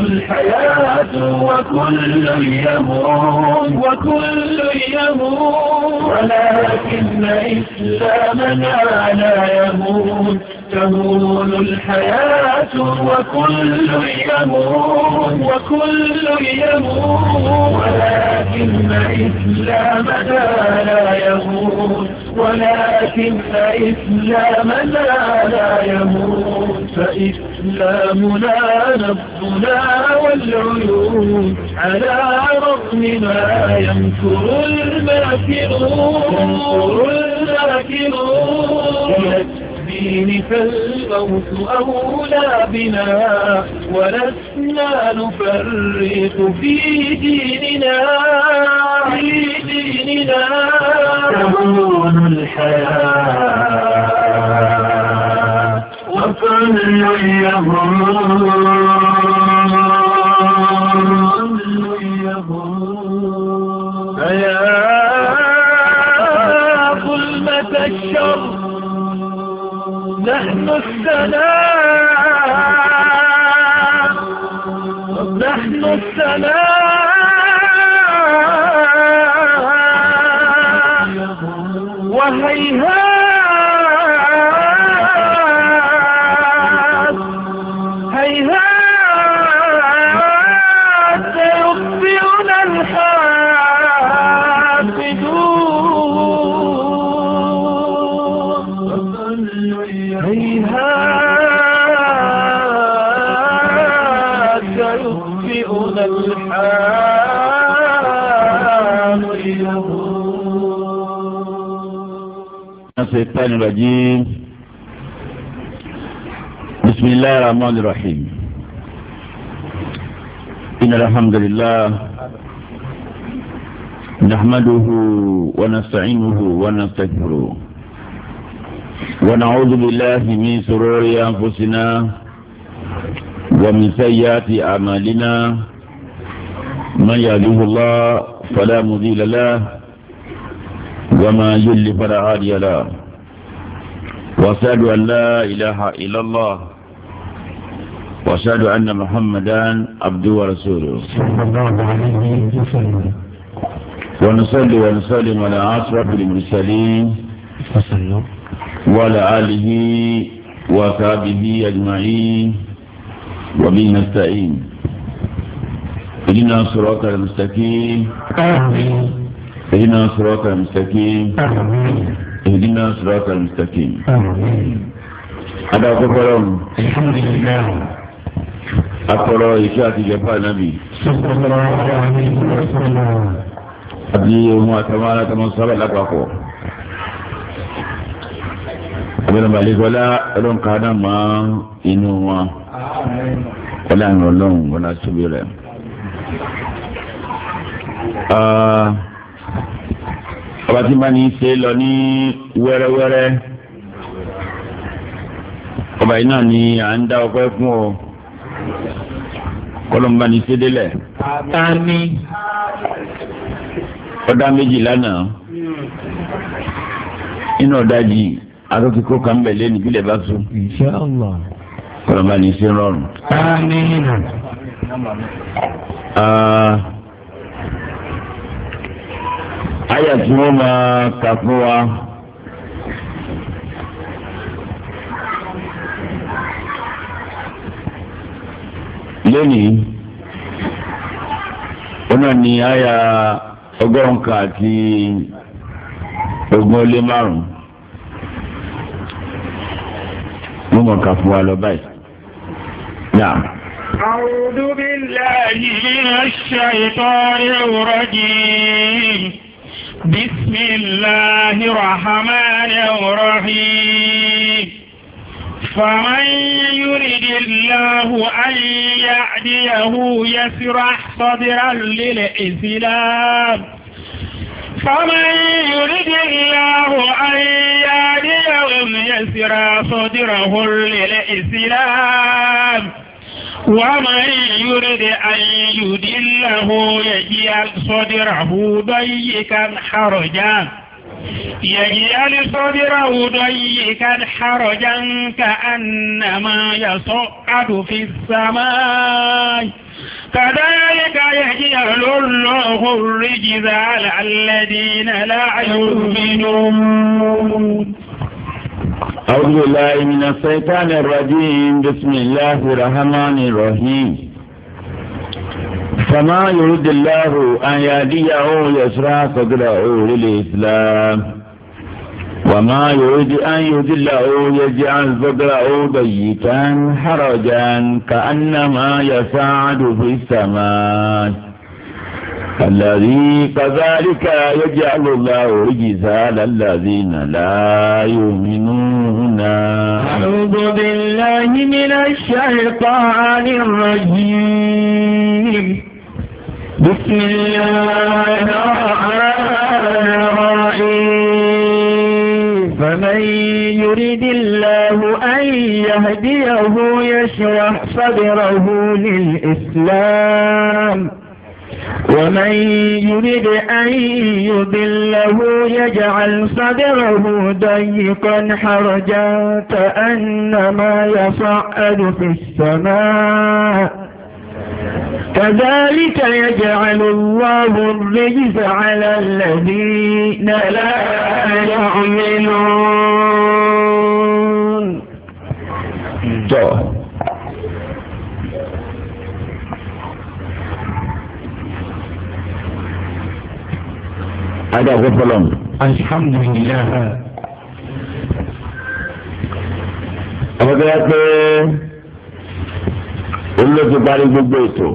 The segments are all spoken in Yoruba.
الحياة وكل يمر وكل يمر ولكن إسلامنا لا يموت تهون الحياة وكل يمر وكل يمر ولكن إسلامنا لا يموت ولكن إسلامنا لا يموت فإسلامنا لا الظلا والعيون على رغم ما ينكر الماكرون الماكرون الدين فالموت أولى بنا ولسنا نفرق في ديننا في ديننا تهون الحياة وكل يهون الشر نحن السلام نحن السلام وهيهات الشيطان الرجيم بسم الله الرحمن الرحيم إن الحمد لله نحمده ونستعينه ونستغفره ونعوذ بالله من سرور أنفسنا ومن سيئات أعمالنا من يهده الله فلا مضل له وما يلي فلا هادي له وأشهد أن لا إله إلا الله وأشهد أن محمدا عبده ورسوله صلى الله عليه وسلم ونصلي ونسلم على أشرف المرسلين وعلى آله وصحبه أجمعين وبه نستعين اهدنا صراط المستقيم اهدنا صراط المستقيم آمين ìdínà sùrọ̀tà mùsítàkìm. adáwọ̀ kọ́kọ́rọ́ mu. akọrọ ìṣe àtijọ́ fún anábì. àbí ohun àtàwọn alátamọ́ sábà lápapọ̀. abẹ́rẹ́ balẹ̀kọ́lá ọlọ́nkà náà máa inú wọn. wọ́n lánàá ọlọ́run wọn á tóbi rẹ̀ ọba tí máa ní í ṣe lọ ní wẹ́rẹ́wẹ́rẹ́ ọba yìí náà ni à ń dá ọpẹ́ fún ọ kọlọmba ní sédélẹ. àmín. ọ̀dà méjì lánàá inú ọ̀dájì àtúntí kó kàn bẹ̀ lẹ́nu ìbílẹ̀ bá sùn. Insha Allah. kọlọmba ní sẹ́ńrọ̀rùn àyà tí wọ́n máa kà fún wa. lónìí ó náà ní àyà ọgọ́rùn kan àti ogún ó márùn wọ́n máa kà fún wa lọ báyìí. أعوذ بالله من الشيطان الرجيم بسم الله الرحمن الرحيم فمن يرد الله أن يعديه يسرح صدرا للإسلام فمن يرد الله أن يعديه يسرح صدره للإسلام ومن يرد أن يدله يجعل صدره ضيقا حرجا يجعل صدره ضيقا حرجا كأنما يصعد في السماء كذلك يجعل الله الرجز على الذين لا يؤمنون أعوذ بالله من الشيطان الرجيم بسم الله الرحمن الرحيم فما يرد الله أن يهديه يشرح صدره للإسلام وما يريد أن يذله يجعل صدره ضيقا حرجا كأنما يصعد في السماء الذي كذلك يجعل الله رجزا للذين لا يؤمنون أعوذ بالله من الشيطان الرجيم بسم الله الرحمن الرحيم فمن يريد الله أن يهديه يشرح صدره للإسلام ومن يرد أن يضله يجعل صدره ضيقا حرجا كأنما يصعد في السماء كذلك يجعل الله الرجس على الذين لا يؤمنون طيب. ada ko fọlọ. alihamudulilayi. ọ̀gá pé olóòtú parí gbogbo ètò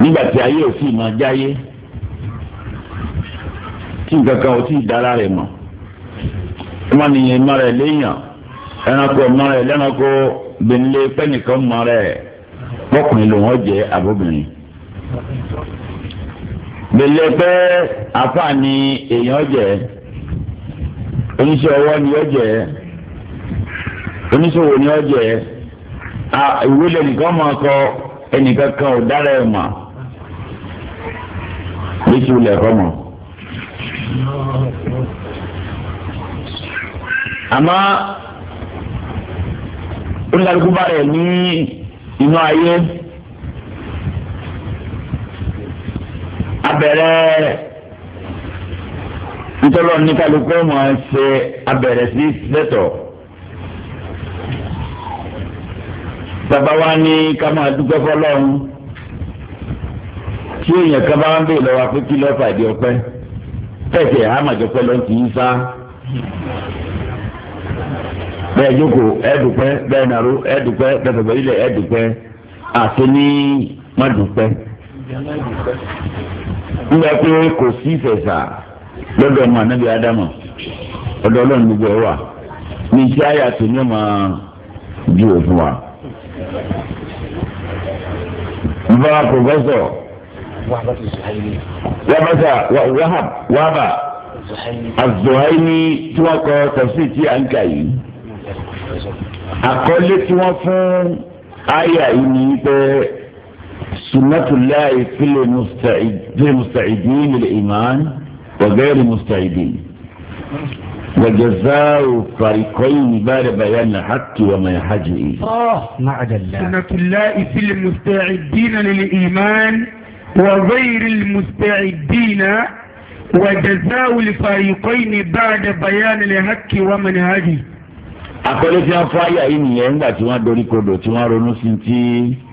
nígbà tí ayé ò sì máa jáyé tí nǹkan kan ò tí ì dára rẹ̀ mọ̀ ọmọ nìyẹn mọ rẹ̀ léèyàn ẹranko mọ rẹ̀ lẹ́ranko bẹ̀ńlẹ̀ pẹ́nìkan mọ gbèlè pé àfààní èèyàn jẹ oníṣẹ́ ọwọ́ ni ó jẹ oníṣòwò ni ó jẹ ìwé lẹ́nìkan máa kọ ẹnìkan kan ò dára ẹ̀ mà lẹ́sìn ilẹ̀ mọ̀. àmọ́ oníkàlùkù bá rẹ̀ ní inú ayé. abẹ̀rẹ̀ ntọ́lọ́ ní kálukú mọ̀ ẹ́ ṣe abẹ̀rẹ̀ sí lẹ́tọ̀. wa ní kama máa dúpẹ́ tí èèyàn kan ń bè lọ́wọ́ pé kí lọ́ọ́ ọpẹ́ tẹ̀sẹ̀ ti ń sá. bẹ́ẹ̀ jókòó ẹ bẹ́ẹ̀ nàró ẹ dúpẹ́ bẹ́ẹ̀ ilẹ̀ ẹ àti ní nígbà pé kò sí ìfẹ̀sà lọ́dọ̀ ọmọ anábì ádámù ọdọ ọlọ́run gbogbo ẹ̀ ní ti àyà tó ní ọmọ ju òfin wa. bàbá pòfẹ́sọ̀ wàbàṣà wàhab wàbà àzọ̀háìní tí wọ́n kọ tẹ̀sí tí à ń kà yìí. àkọlé tí fún àyà yìí ni سنة الله في المستعد المستعدين للإيمان وغير المستعدين وجزاء فريقين بعد بيان الحق وما يحج إليه آه الله سنة الله في المستعدين للإيمان وغير المستعدين وجزاء الفريقين بعد بيان الحق ومنهجه. àkọlé tí wọn fọ àyà yìí nìyẹn nígbà tí wọn dorí kodò tí wọn ronú sí ti won fo aya yii niyen nigba دوري كودو dori kodo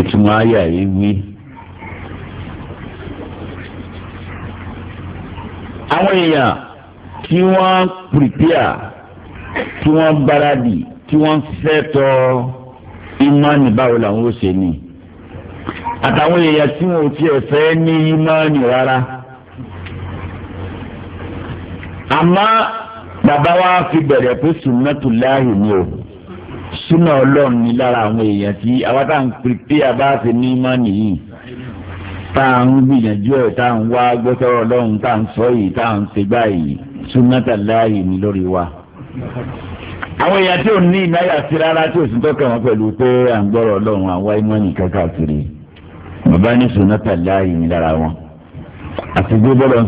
ìtumọ̀ ayà yìí wí. àwọn èèyàn tí wọ́n pìrìpìà tí wọ́n gbáradì tí wọ́n fẹ́ tọ́ ìmánì báwo làwọn ò ṣe ni àtàwọn èèyàn tí wọn ò tiẹ̀ fẹ́ ní ìmánì rárá. àmọ́ bàbá wa fi bẹ̀rẹ̀ pé sùnmọ́tò láàyè ni o súnà ọlọ́run ní lára àwọn èèyàn tí àwọn tá à ń pèpè àbáṣe ní mọ́nì yìí tá à ń gbìyànjú ẹ̀ tá à ń wá gbọ́sọ̀rọ̀ ọlọ́run tá à ń sọ yìí tá à ń ṣe báyìí súnátà láàyè ní lórí wa. àwọn èèyàn tí ò ní ìnáyà sí rárá tí ò sì tọ́ka wọn pẹ̀lú pé à ń gbọ́rọ̀ ọlọ́run àwa ìmọ̀nì kákàkiri bàbá ní súnátà láàyè ní lára wọn àti gbé bọ́lọ́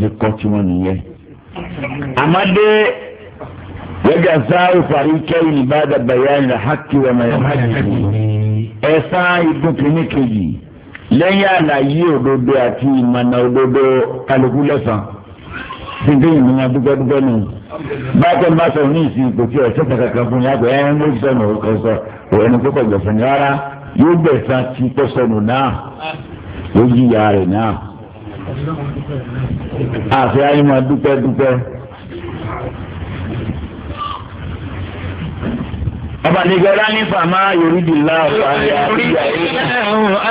wẹ́gàzáwò parí kẹ́yìn ìbáda bayani haki wà máa yàrá yìí. ẹ̀sán igun kìíní kejì lẹ́yìn àlàyé òdodo àti ìmọ̀nà òdodo kálukú lẹ́sàn. Sìnkú yìí nìyẹn dúpẹ́ dúpẹ́ nù. Bákan bá sọ̀rọ̀ ní ìsìn kò tí ọ̀sẹ̀ kankan fún yàrá pé ẹ̀yìn ló sọ̀nù ọ̀kọ̀ sọ òun ni kókò gbẹ̀sán rárá yóò gbẹ̀sán tí kò sọ̀nù náà yóò jìyà rẹ̀ náà. Àfi ayé máa dúpẹ́ dúpẹ́. ọba nìgbẹ́rẹ́ ní fàmà yorùdì láàbà ní àbíyá yìí.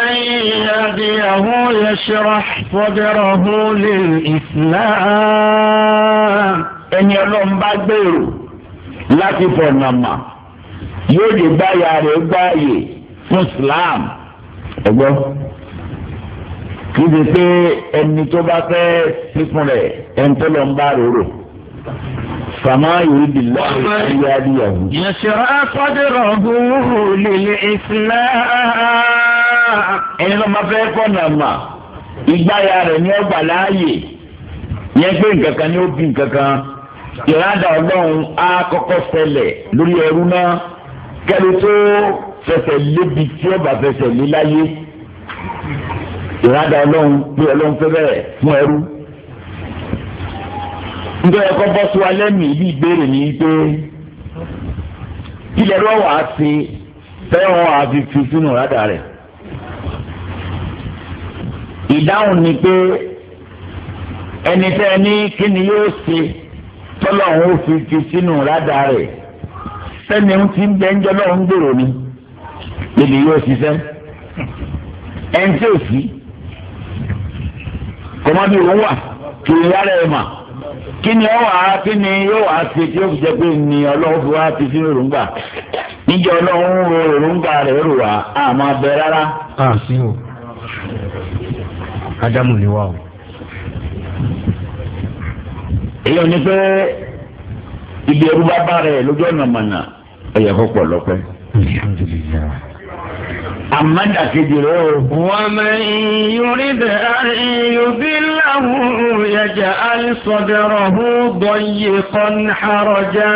ayélujáfíàwó yẹ ṣọ́ra fọ́dẹ̀rọ̀ hó lè islam. ẹni ọlọ́run bá gbèrò láti fọ̀nàmà yóò lè gbáyà rẹ̀ gbáyè fún islam. ẹgbọ́n kì í ṣe pé ẹni tó bá fẹ́ sísun rẹ̀ ẹni tó lọ ń bá rò rò. فما يريد الله أن يهديه يشرع صدره للإسلام ẹni lọ́ọ́ m'a fẹ́ fọ́nà mà ìgbáyà rẹ̀ ní ọgbà láàyè yẹn pé nǹkan kan ni ó bí nǹkan kan ìrádà ọlọ́run á kọ́kọ́ ṣẹlẹ̀ lórí ẹrú náà kẹ́lẹ́ tó fẹsẹ̀ lébi tí ọba fẹsẹ̀ lé láyé ìrádà ọlọ́run pé ọlọ́run fẹ́ bẹ́ẹ̀ fún ẹrú njọ yẹ kọ bọ sí wa lẹ́mìí bí ìbéèrè ní pé ilẹ̀ ló wà á sí fẹ́ràn wà á fi fi sínú rádà rẹ̀ ìdáhùn ni pé ẹni tẹ́ ẹ ní kí ni yóò ṣe tọ́lọ́hún ó fi fi sínú rádà rẹ̀ sẹ́ni ń ti ń bẹ́ ń jẹ́ lọ́hún gbèrò ni lèlè yóò ṣiṣẹ́ ẹni tí ò sí kọ́mọ́bí òun wà kì í yára ẹ̀ mà. kí ni ọ wàá kí ni yóò wàá fi tí ó fi jẹ pé ni ọlọ́run fi wá fi sí òrùngbà níjẹ́ ọlọ́run ro òrùngbà rẹ̀ rò wá àmọ́ bẹ rárá. a sí o ádámù ni o. èyí ò ní àmọ́dà kejì rẹ̀ o. wọ́n máa ń yorí bẹ̀ àìyóbí láwùrán yẹjà àìsọ̀dẹ̀rọ̀ hó bọ̀yé kan àròjà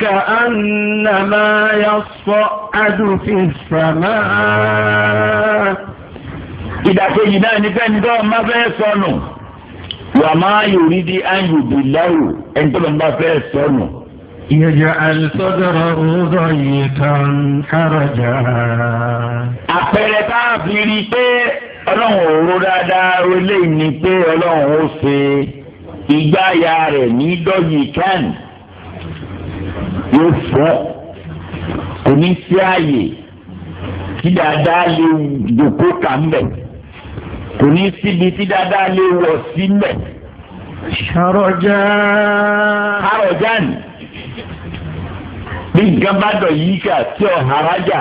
ká ànàmá yà sọ àdùfẹ́ sàmà. ìdàkejì náà ní kẹ́ni tó máa fẹ́ sọnù wàá máa di àìyóbí láwù ẹni tó máa fẹ́ sọnù. يجعل صدره ضيقا حرجا àpẹẹrẹ tá a fi rí i pé ọlọ́run ò ro dáadáa eléyìí ni pé ọlọ́run ó ṣe ìgbáyà rẹ̀ ní dọ́yìkan yóò fọ́ kò ní sí ààyè tí dáadáa lè dòkó kà ń kò ní síbi tí dáadáa lè wọ̀ sí ń bẹ̀. ṣàròjà. ni bí gánbádọ̀ yìí kà tí ò harajà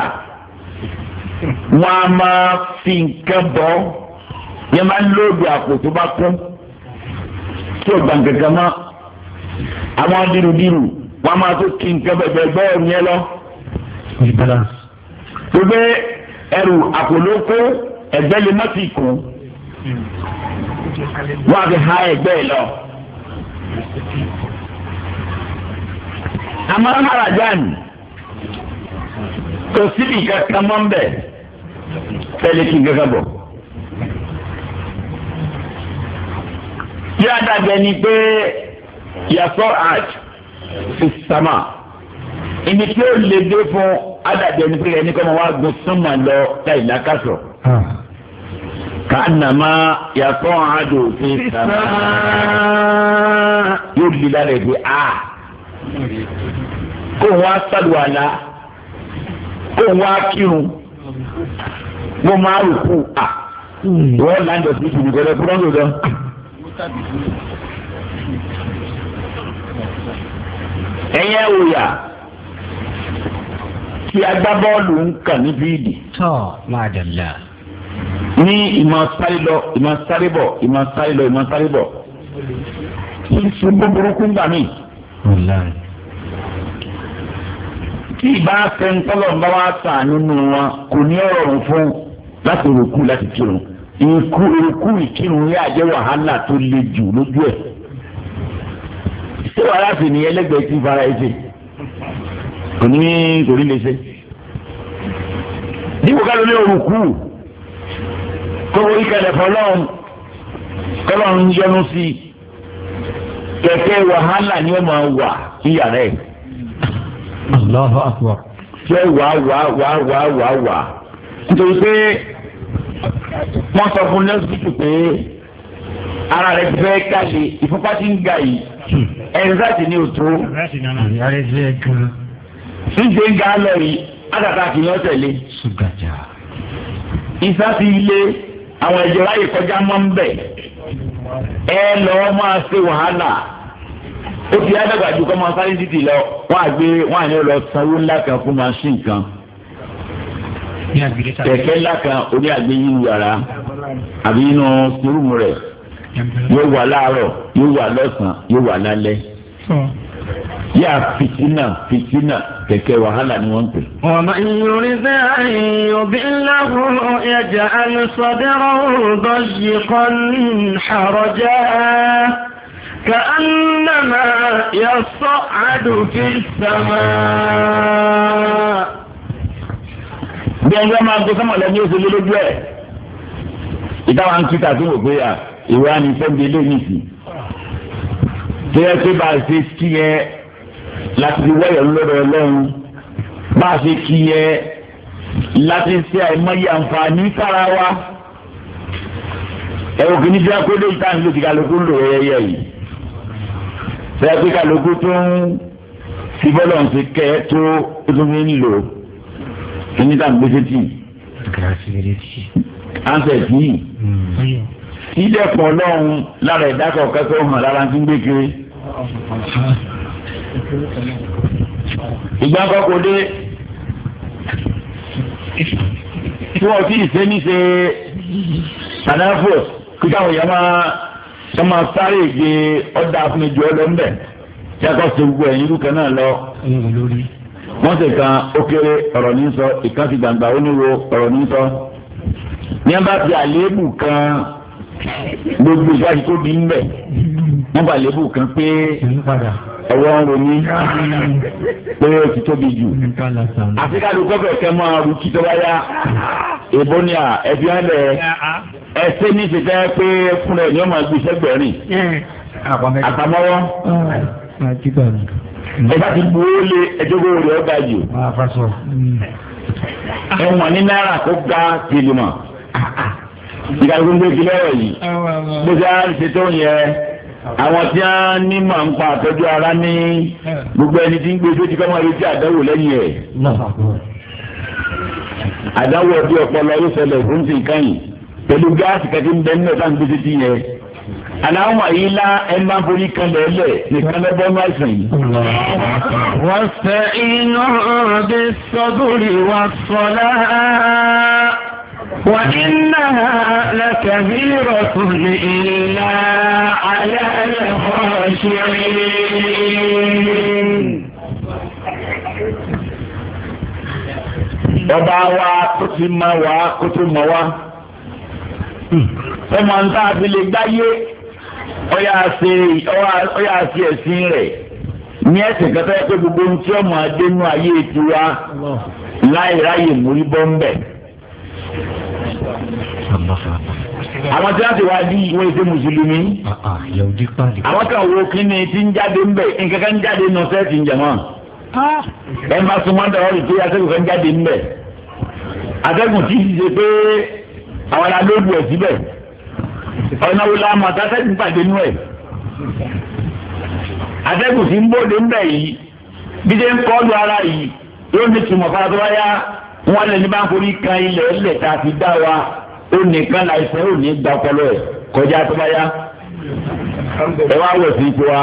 wọn a máa fi nǹkan bọ́ yẹn máa ń lóògì àpò tó bá kún tí ò gbàǹkankan mọ́ àwọn dìrùdìrù wọn a máa tó kí nǹkan bẹ̀bẹ̀ bẹ́ẹ̀ yẹn lọ. gbogbo ẹrù àpò ló kó ẹgbẹ́ lè má ti kún wọn a fi ha ẹgbẹ́ lọ àmọ́ marajan kò síbi kankan mọ́ ń bẹ̀ tẹ́lẹ̀ kí n kankan bọ̀. tí a dàgbẹ́ ni pé yasọ́ art fi sama ibi tí ó lè dé fún adàgbẹ́ ni pé ẹni kọ́ ma wá gun súnmọ́ lọ láì lákàtọ̀. kánàmá yasọ́ art fi sama yóò lè lára ẹ̀ pé a. Ah kó wọn á sàlùwàlà kó wọn á kírun wọn máa rò kú à wọn láǹdọ̀ sí ìdìbò gẹ́gẹ́ kúrọ́ ń lò lọ. ẹ̀yẹ́ òòyà tí agbábọ́ọ̀lù ń kàn ní bíìdì. tọ́ máa dàgbà. ní ìmọ̀ sáré lọ ìmọ̀ sáré bọ̀ ìmọ̀ sáré lọ ìmọ̀ sáré bọ̀. ṣíṣe búburú kún gbà míì bisimilahi. tí ìbá sẹ́ńtọ́lọ̀ bá wá sàánú nù wọn kò ní ọ̀rọ̀ fún láti rògbò láti kírun ikú ikú ìkírun yà jẹ́ wàhálà tó le jù lójú ẹ̀. ṣé wàhálà sì ni ẹlẹ́gbẹ̀ẹ́ ti fara ẹ ṣe kò ní kò ní lè ṣe. dípò ká ló ní orúkú kó wọ́n ìkẹlẹ̀ fọlọ́run kọ́lọ́run yọ́nú sí i kẹ̀kẹ́ wàhálà ni ó máa wà sí yàrá ẹ̀. Allahu Akbar. ṣé wàá wàá wàá wàá wàá wàá. nítorí pé wọ́n sọ fún lọ́sibítù pé ara rẹ̀ fẹ́ káṣe ìfúnpá ti ń ga yìí ẹ̀ńsáàtì ni ò tó. ṣíṣe ń ga lọ yìí àtàtà kì í yọ tẹ̀lé. ìsáàtì ilé àwọn ẹ̀jẹ̀ ráyè kọjá mọ́ ń bẹ̀. ẹ lọ máa ṣe wàhálà ó ti àdàgbà ju kọ́ máa sáré títì lọ wọ́n àgbé wọ́n àní lọ sanwó ńlá kan fún machine kan kẹ̀kẹ́ ńlá kan orí àgbé yìí yàrá àbí inú sùúrù rẹ̀ yóò wà láàárọ̀ yóò wà lọ́sàn yóò wà lálẹ́. ya fìtínà fìtínà keke wahala ni wọn pè. ọmọ ìrìn bẹ́ẹ̀ yòbí lẹ́hùn ẹ̀jẹ̀ alùsọ̀dẹ́rọ̀ bọ́yì kan àròjá kàánàmà yasọ àdùfí sàmà. bí ẹgbẹ́ máa gbé sọ́mọ̀lẹ́ ní oṣù lójú ẹ̀ ìdáwọn kìtà tó wò pé ìwé ń sí i. tó yẹ pé bá a ṣe kí yẹn láti fi wáyọ̀ lọ́dọ̀ ọlọ́run bá a ṣe kí yẹn láti ṣe àìmọye àǹfààní kára wa ẹ̀rọ kìíní fi akóde ìta nílò tí kálukú ń lò ẹyẹ yìí fẹ́ pé kálukú tó ń fi bọ́lọ̀ ṣe kẹ́ tó ó tún fi ń lò kìíní tá à ń gbé sétí. àǹsẹ̀ tí ìdẹ̀kùn ọlọ́run lára ìdákọ̀ kẹ́kọ̀ọ́ hàn lára ti ń gbé kiri. ìgbà kan kò dé tí wọ́n ti ṣe níṣe àdáfò kí táwọn èèyàn máa sáré ìgbé ọ̀dà àfúnijọ́ ọlọ́mbẹ̀ tí a kọ́ ṣe gbogbo ẹ̀yìn irú kan lọ wọ́n sì kan ó kéré ọ̀rọ̀ ní sọ ìkan gbàǹgbà ó níwo ọ̀rọ̀ ní sọ. ní a bá àléébù kan gbogbo ìwádìí tó bí nbẹ wọn bá lébù kan pé ọwọ́ ń ronú pé ó ti tóbi jù àti ká ló kọ́fẹ̀ kẹ́ mọ́ àrùn kí tó bá yá èbó ni à ẹbí á lẹ ẹsẹ ní ti tẹ́ pé fúnra ẹ̀ ní ọmọ ẹgbẹ́ iṣẹ́ gbẹ̀rin àpamọ́wọ́ ẹ̀ka ti bu ó lé ẹjọ́gbó rẹ̀ ọ̀gá jù ẹ̀wọ̀n ní náírà tó ga tìlùmọ̀ ìkàlùkù ń gbé kílẹ̀ rẹ̀ yìí bó ṣe á ṣe tó yẹ àwọn tí wọ́n ní màá ń pa àtọ́jú ara ní gbogbo ẹni tí ń gbé sójú kọ́mọ lójú àdáwò lẹ́yìn ẹ̀ àdáwò ọdí ọpọlọ yóò ṣẹlẹ̀ fún ti nǹkan yìí pẹ̀lú gáàsì kẹ́kẹ́ ń bẹ nínú ẹ̀ta gbé títí yẹn aláwọ̀ yìí lá ẹ máa forí kan lẹ́lẹ̀ nìkan lẹ́bọ́ ní àìsàn yìí. wọ́n fẹ́ inú ọ̀rọ̀ bí sọ́dúnrì wá sọ́lá. وإنها لكبيرة إلا على الخاشعين ọba wa tó ti ma wa kó tó wa ọmọ fi lè gbáyé ọyà ṣe si ẹ̀sìn rẹ̀ ní ẹ̀sìn kẹta pé gbogbo ohun tí ọmọ adé ayé tiwa ń àwọn tí wọn ti wá di ìwé ìdè mùsùlùmí. Ah, ah, àwọn kan wo kíni tí ń jáde ń bẹ nǹkan kan ń jáde nù sẹ́ẹ̀tì ń jẹ mọ́. Ah. ẹ máa sún mọ́tò ọ̀rọ̀ ìpè atẹ́gùn kan jáde ń bẹ. atẹ́gùn tí ti ṣe pé àwọn ará ló lù ẹ̀ síbẹ̀. ọ̀nà wo la mọ̀ tátẹ́gùn pàdé nù ẹ̀. atẹ́gùn tí ń bóde ń bẹ yìí bí ṣe ń kọ́ lu ara yìí yóò ní tùmọ̀ fara tó wáyá wọn lè ní bá kan ilẹ̀ ẹlẹ̀ tá a ti dá wa ó nìkan láìsẹ́ ò ní gba ọpọlọ ẹ̀ kọjá tó bá yá ẹ wá wọ̀ sí ipò wa.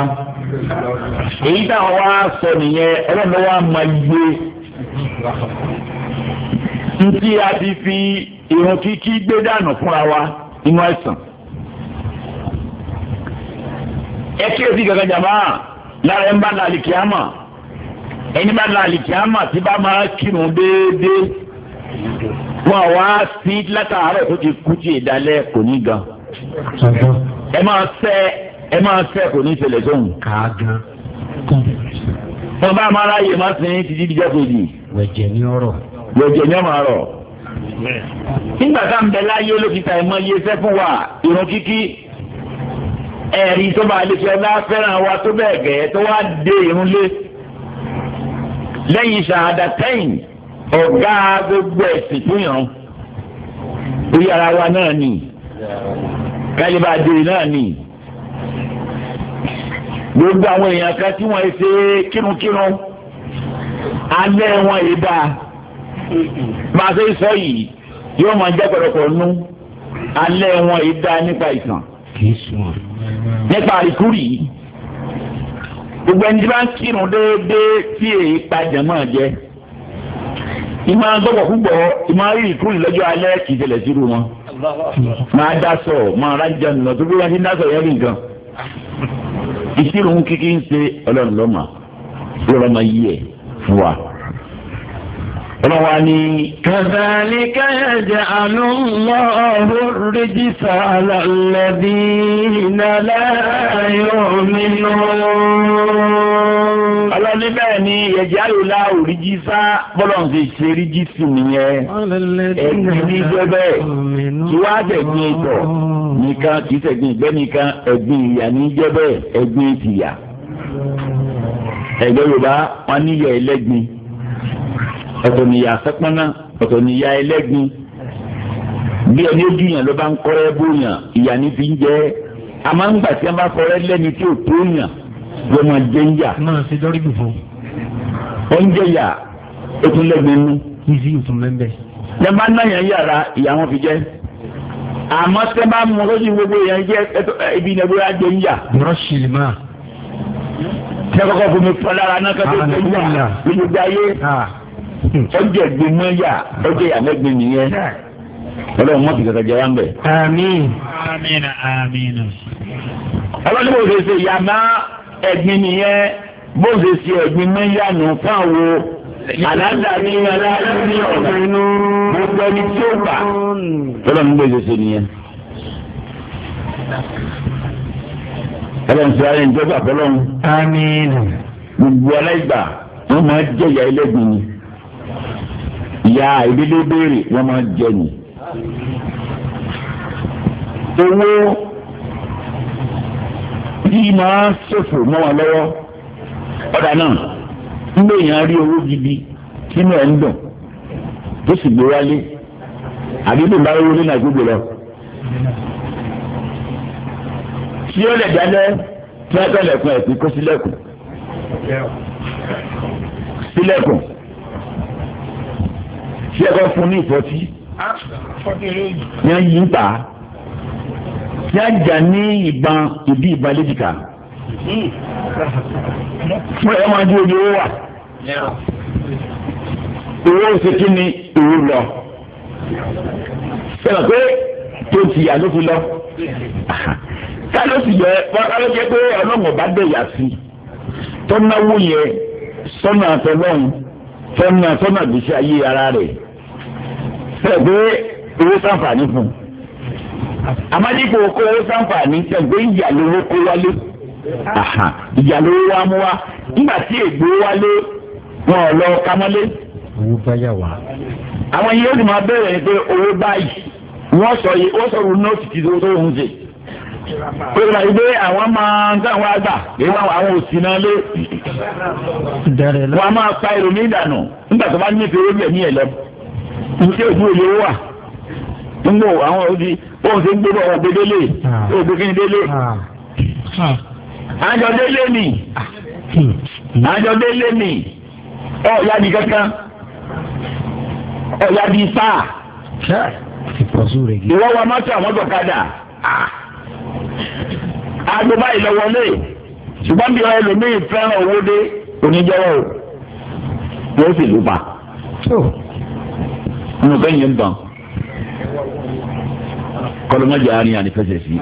èyí táwọn wá sọ nìyẹn ẹlẹ́nu wa mọ iye ntí a ti fi irun kíkí gbé dànù fúnra wa nínú ẹ̀sán. ẹ kí o sì gàgàjà máa lára ẹ ń bá lálẹ́ kíá mọ̀ ẹni bá lọ àlìkíámà tí bá máa kírun déédéé wọn wá sí látàárọ̀ tó ti kú tí ìdálẹ́ kò ní gan ẹ máa sẹ ẹ máa sẹ kò ní ṣẹlẹ̀ sóhun. wọn bá máa ráyè má sin títí díjọ́ kejì. wẹ̀jẹ̀ ní ọ̀rọ̀. wẹ̀jẹ̀ ní ọ̀rọ̀ rọ̀. nígbà tá n bẹ láyé ló fi iye iṣẹ́ fún wa ìrun kíkí ẹ̀rí tó bá lè fi ọlá wa tó bẹ́ẹ̀ gẹ̀ẹ́ tó wá dé irun lé lẹ́yìn ṣàdàtẹ́yìn ọ̀gá gbogbo ẹ̀sìn fún yàn orí ara wa náà nì kálíbà dèrè náà nì gbogbo àwọn èèyàn kan tí wọ́n ṣe kírunkírun alẹ́ wọn yìí dáa máa ṣe sọ yìí yóò máa jẹ́ pẹ̀lọpọ̀ nú alẹ́ wọn yìí dáa nípa ìsàn nípa ìkúrì yìí gbogbo ẹni tí bá ń kírun déédéé tí èyí pa jẹ̀mọ́ jẹ ìmọ̀ gbọ́gbọ̀ púpọ̀ ìmọ̀ rírì kúrì lọ́jọ́ alẹ́ kì í tẹ̀lẹ̀ sírú wọn máa dá sọ máa rájà nù lọ tó bí wọ́n ti ń dá sọ yẹn nìkan ìṣirò ń kíkí ń ṣe ọlọ́run lọ́mọ ìrọ̀lọ́mọ yí ẹ̀ fún wa ọlọ́wọ́ á ní. kazalika yaj'alu Allahu rijsa ala alladhina la yu'minun. ọlọ́ni bẹ́ẹ̀ ni yaj'alu Allahu rijsa bọ́lọ̀ ń fi ṣe ríjísà nìyẹn. ẹ̀gbìn ní jẹ́bẹ̀ kí wá tẹ̀gbìn ìtọ̀ nìkan kì í tẹ̀gbìn ìgbẹ́ nìkan ẹ̀gbìn ìyà ní jẹ́bẹ̀ ẹ̀gbìn ìtìyà. ẹ̀gbẹ́ Yorùbá wọn níyà ẹlẹ́gbìn ọ̀tọ̀ nìyà sẹ́pọ́nà ọ̀tọ̀ nìyà ẹlẹ́gbin bí ẹni ojú yàn ló bá ń kọ́rẹ́ bóyàn ìyá ní fi ń jẹ́ àmọ́ ńgbà tí wọ́n bá kọ́rẹ́ lẹ́ni tí ò tó yàn ló máa jẹ́ ń yà. máa ṣe dọ́rí gbùgbọ́. oúnjẹ yà ó tún lẹ́gbin nú. ìzí ìtún lẹ́ńbẹ̀. tẹ́ bá ná yàn yàrá ìyá wọn fi jẹ́ àmọ́ tẹ́ bá mú lójú gbogbo yàn jẹ́ ibi ìnàgbéra jẹ́ ń yà. rọ́ṣì lè máa. tẹ́ kọ́kọ́ fún mi fọ́ náà kẹ́kẹ́ ọjọ́ ẹgbẹ́ mọ́yà ọjọ́ ìyàlẹ́gbẹ́ nìyẹn ọlọ́run mọ́ ti kẹ̀kẹ́ jẹ́ wá ń bẹ̀. àmín àmín àmín. ọlọ́run bó ṣe ṣe yàmá ẹ̀gbin nìyẹn bó ṣe ṣe ẹ̀gbin mọ́yà nù fáwọn àlàáfíà ní aláàbí ní ọ̀gbìn gbogbo ẹni tí ó gbà ọlọ́run bó ṣe ṣe nìyẹn ọlọ́run ti ayé ìjọba ọlọ́run. àmín. gbogbo aláìgbà wọn máa jẹyà ẹlẹ́gbin ni ìyá ìdílé béèrè wọ́n máa jẹ yìí. owó yìí máa ṣòfò mọ́ wọn lọ́wọ́ ọ̀dà náà nígbà èèyàn rí owó gidi sínú ẹ̀ ń dùn tó sì gbé wálé àdúgbò bá wọlé náà gbogbo lọ. tí ó lè dáná tí wọ́n tẹ̀lẹ̀kùn ẹ̀ sí kó sílẹ̀kùn. sílẹ̀kùn ṣé ẹ kọ́ fún ní ìfọ́tí. ní a yí ń ta ní a jà ní ìbọn ìbí ìbọn léjìká. fún máa di ojú owó wà. owó ṣe kí ni owó lọ. ṣé ẹ pé tó ti yà ló fi lọ kálọ̀ yẹ kálọ̀ jẹ́ pé ọlọ́run ọba dẹ̀yà sí tọ́náwó yẹ sọ́nà àtọ́lọ́run tọ́nà sọ́nà gbèsè ayé ara rẹ̀ tẹ̀gbé owó sàǹfààní fún un amadikò kó owó sàǹfààní tẹ̀gbé ìyàlówó kó wálé ìyàlówó wa mú wa nígbà tí ègbó wálé wọn ò lọ kámọ́lé. owó bá yà wá. àwọn yìí ó máa bẹ̀rẹ̀ ni pé owó báyìí wọ́n sọ yìí ó sọ̀rọ̀ nóòtù tí owó tó ń ṣe. pé wàá gbé àwọn máa ń dáhùn àgbà èyí wọn àwọn òsì náà lé. wọn máa pa èrò ìdànù nígbà tó bá nífẹ̀ẹ́ orí ẹ̀mí ẹ̀ lọ́wọ́ ibi tí òkú èlé wà nígbò àwọn òdi bóun ṣe ń gbé bọ̀ ọ̀gbẹ́ délé ògbé ah. kí ni délé. Ah. Ah. àjọ délé ni àjọ délé ni ọ̀ọ́yá di kankan ọ̀ọ́yá di sáà ìwọ wa mọ́tò àwọn ọ̀kadà aago báyìí lọ wọlé ṣùgbọ́n bí ẹlòmíì fẹ́ràn owó dé oníjọ́wọ́ o yóò sì lù pa nínú fẹ́ yẹn dàn kọlọmọdé àárín ànífẹsẹ̀ sí.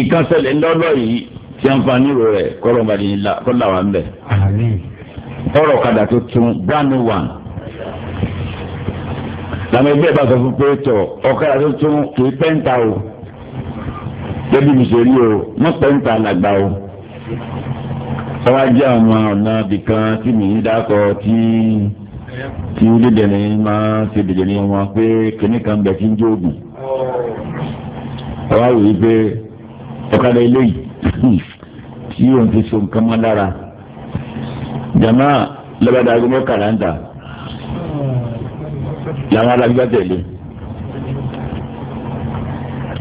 ìkànsẹ̀lẹ̀ ńlọ́lọ́ yìí tí a ń fa nírò rẹ̀ kọlọmọdé kọlá wa ń bẹ̀. ọ̀rọ̀ kadà tó tún brand new one. làwọn ẹgbẹ́ bá sọ fún pé tọ̀ ọ̀kadà tó tún kì í pẹ́ńtà o débi ìṣèlú o mọ́ pẹ́ńtà làgbà o. ọwọ́ ajé àwọn ọ̀nà bìkan tí mi ń dákọ̀ tí tí dídẹ̀ni máa ṣe dìdẹ̀ni wọn pé kìnnì kan bẹ̀ tí ń jóògùn. ọ̀rọ̀ àwòrán pé ọ̀kadà eléyìí tí òun ti so nǹkan mọ́ lára jama lọ́bàdà agbẹ́mọ́ kàláńdà làwọn alágbá tẹ̀lé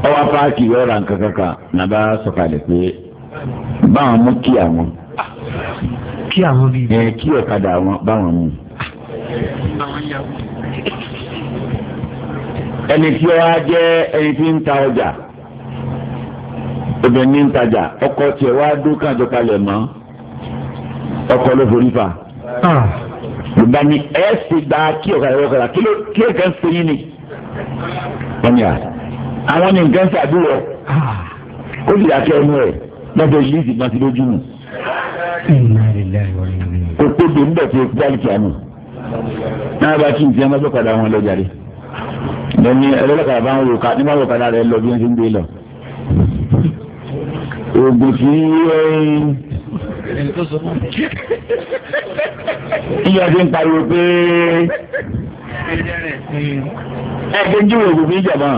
ọwọ́ páàkì wọ́n ra nǹkan kankan nàbà sọ̀kalẹ̀ pé báwọn mú kí àwọn. kí àwọn bíi. ẹ kí ọ̀kadà àwọn báwọn mú ẹni tí ó wá jẹ́ ẹni tí ń ta ọjà obìnrin ní ń tajà ọkọ tiẹ̀ wá dúkàn jọ kalẹ̀ mọ́ ọkọ ló forí fa ìgbà ah. ni ẹ ṣe gba kí ọ̀kadà ọ̀kadà kí ló kí ló kàn ṣe ni wọ́n ní à àwọn ní nǹkan ṣàdúrà ah. ó sì yà kí ẹnu ẹ̀ lọ́dọ̀ yìí ti gbọ́n sí lójú nù kò tóbi ń bẹ̀ tó gbálùkì àná náà bá kí n tiẹ́ mọ́tò kọ́dà wọn lọ jàre lẹ́ni ẹlọ́lọ́kadà bá ń wò ká nígbà wò kadà rẹ lọ bí wọ́n ti ń gbé lọ. oògùn tí ìyá ti ń pariwo pé ẹ kí n jí oògùn fi jàmọ́.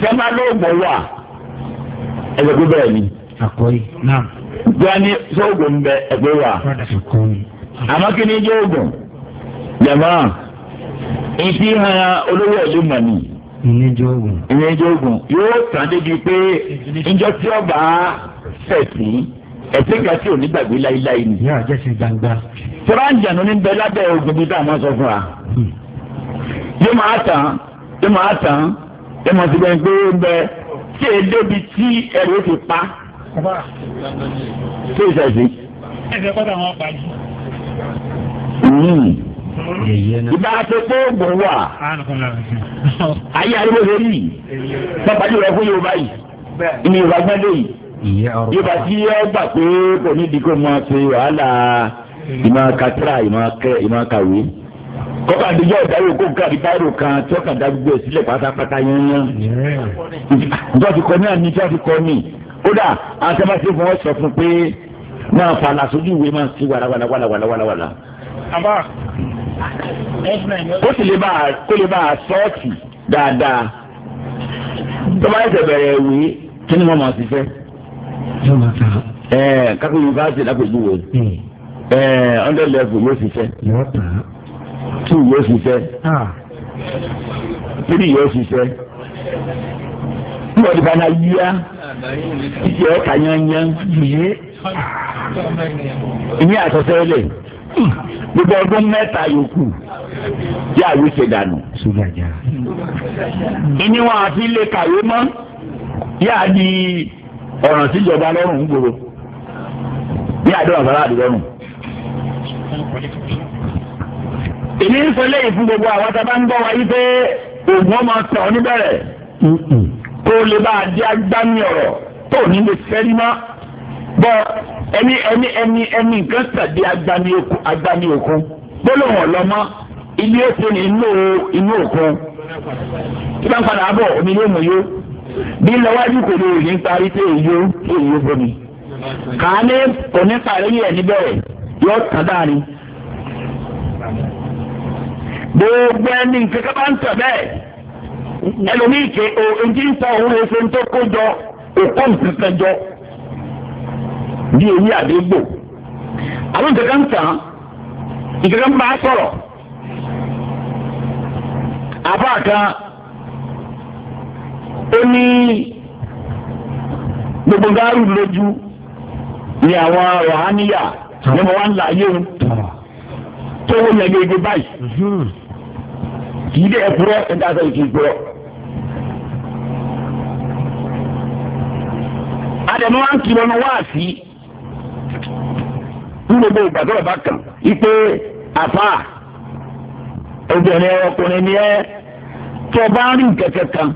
sẹ́mbà ló gbọ́ wà ẹ jẹ́ pé bẹ́ẹ̀ ni. àkọ́yé náà. bí wọ́n ní sọ́ọ̀gùn ń bẹ ẹgbẹ́ wà àmọ́ kí ni jẹ́ oògùn jẹ̀mọ́ ìdí hàn olówó ìlú mọ̀nì. ìyẹn jẹ́ oògùn. ìyẹn jẹ́ oògùn yóò tàn débi pé njọ tí ọba fẹ̀sí ẹ̀sìn kan tí ò ní gbàgbé láíláí ni. yóò jẹ́ sí gbangba. fúráǹjànú ní bẹ lábẹ́ oògùn bíi tá a máa sọ fún wa. Hmm. yóò máa tàn yóò máa tàn yóò máa ti bẹ́ẹ̀ pé bẹ tí èyí débi tí ẹ̀rọ ti pa. tó ìṣẹ̀sìn. ẹ̀sẹ̀ kọ́ta wọn pa yìí ìbára tó pé oògùn wà ayé ariwo lórí pápá yóò rẹ fún yorùbá yìí ní yorùbá gbẹ́dẹ́ yìí yorùbá tí yóò gbà pé kò ní di kó máa ṣe wàhálà ìmọ̀ katira ìmọ̀ kàwé kọ́kà níjọ́ ìdáyò kó nǹkan àdìbáyò kan tí wọ́n kàn dá gbogbo ẹ̀ sílẹ̀ pátápátá yányán. ìjọ ti kọ́ ní àníjọ́ ti kọ́ ní. kódà àtẹ́bàtì fún wọn sọ fún pé máa fa làsójú ìwé máa ti wàlàwàlà wàlàwàlà wàlàwàlà. àbá ó sì lè bá a kó lè bá a sọ́ọ̀tì dáadáa tó bá yẹsẹ̀ bẹ̀rẹ̀ ìwé kí ni wọ́n máa ṣiṣẹ́. ẹ̀ẹ́ kákó yunifásitì lápẹ̀jú wo ẹ̀ẹ́ hundred level yóò ṣiṣẹ́ two yóò ṣiṣẹ́ three yóò ṣiṣẹ́ níwọ̀n ti bá náà yíyá ìjẹ́ ọ̀tá yányán yìí ìní àtọ́sẹ́ lè gbogbo ọdún mẹ́ta yòókù tí àyè ṣe dànù. ìní wọn àti ilé kàwé mọ́ yáa di ọ̀ràn síjọba lọ́rùn gbòòrò ní àdúrà sọ́lá àdìrọ́rùn. èmi ń sọ léyìn fún gbogbo àwọn tá a bá ń gbọ́ wáyé pé oògùn ọmọ tẹ̀ ọ́ níbẹ̀rẹ̀ kó o lè bá a di agbámi ọ̀rọ̀ tó o ní lè fẹ́ rí mọ́ bọ ẹni ẹni ẹni ẹni nǹkan tàbí agbani òkun agbani òkun gbólóhùn ọlọmọ ilé ètò ní inú inú òkun tí bá ń padà bọ̀ omi yóò mú yó bí lọ́wọ́dún kò lè ní parí tó èyí ó èyí ó bomi kàání kò ní parí yẹ níbẹ̀ yóò tán dáni gbogbo ẹni nǹkan ká bá ń tọ̀ bẹ́ẹ̀ ẹlòmíì ké o ojú ń ta òun lè ṣe ń tó kó jọ òkú nǹkan jọ. bí ewé àdégbò àwọn nǹkan kan tàn nǹkan kan bá sọ̀rọ̀ àbá kan ó ní gbogbo gáárù lójú ni àwọn rọ̀háníyà ni mo wá ń láyé o tó wọ́n yẹn gbogbo báyìí kì í dé ẹ̀dá sọ̀rọ̀ kì í wa ń ní gbogbo ìgbà tó bá kàn ipe àfa obìnrin ọkùnrin ni ẹ tó bá ń rìn kẹkẹ kan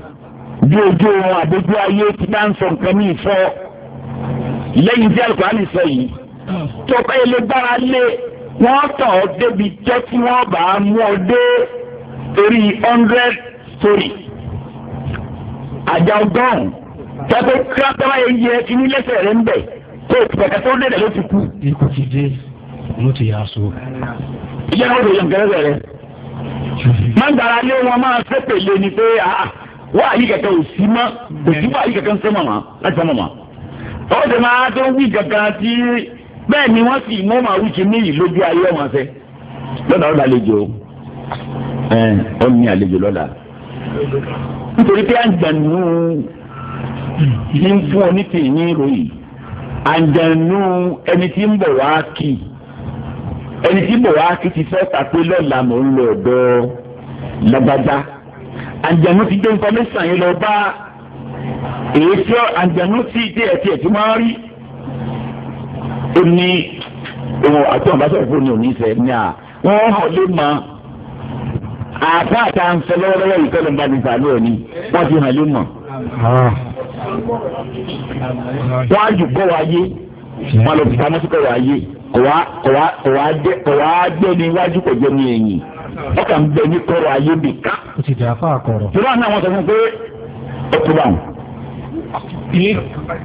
bí ojú wọn àdójú ayé ti bá ń sọ nǹkan ní ìfọ lẹ́yìn tí alukóhánì sọ yìí tó bá yẹ lé gbára lé wọ́n tọ̀ ọ́ débi jẹ́ tí wọ́n bá mú ọ dé orí hundred story àjà ọgọ́rùn-ún tẹ́tẹ́ kíláàtà báyẹn yẹ kí ní lẹ́sẹ̀ rẹ̀ ń bẹ̀ tó kẹ̀kẹ́ tó dé lẹ́yìn ti kú. ikú ti dé ló ti yà so. ìyá wọn lè yan gẹ́gẹ́ rẹ. máa ń dara lé wọn máa fẹ́ pèlè ni pé wọ́n àyè kẹ̀kẹ́ ò sí mọ́ kò sí wọ́n àyè kẹ̀kẹ́ ń sẹ́ mọ̀mọ́ láti sẹ́ mọ̀mọ́. ó sì máa tó wí gàgà tí bẹ́ẹ̀ ni wọ́n sì mú màá wíjì ní ìlójú ayé ọmọ fẹ́. lọ́dà ó lálejò ó ní àlejò lọ́dà. nítorí pé àǹgbànú ní fún ọ ní tèyí ròyìn àǹjẹ̀nù ẹni tí ń bọ̀ wá kì ẹni tí ń bọ̀ wá kì ti fẹ́ tàpé lọ́la mò ń lọ ọ̀dọ̀ lágbájá àǹjẹ̀nù ti dé information yìí lọ bá èyí tí àǹjẹ̀nù ti dé ẹ̀tí ẹ̀tí máa rí ó ní ohun àti ọ̀nà bàtà ìfowópamọ́ ní ìfẹ́ ní à wọ́n hàn lé mọ́ àbá àtàǹfẹ́ lọ́wọ́lọ́wọ́ ìfẹ́ lọ́nba nípa lóòní wọ́n ti hàn lé mọ́ wọ́n á jù bọ́ wa yé wọ́n lọ fipá mọ́síkọ̀ wa yé kò wá jẹ́ ní iwájú kò jẹ́ ní ẹ̀yìn ọkà ń bẹ ní kọ́rọ̀ ayé bì ká. o ti dà fún àkọrọ. tí wọ́n náà wọ́n sọ fún pé ó kú bá wọn. ilé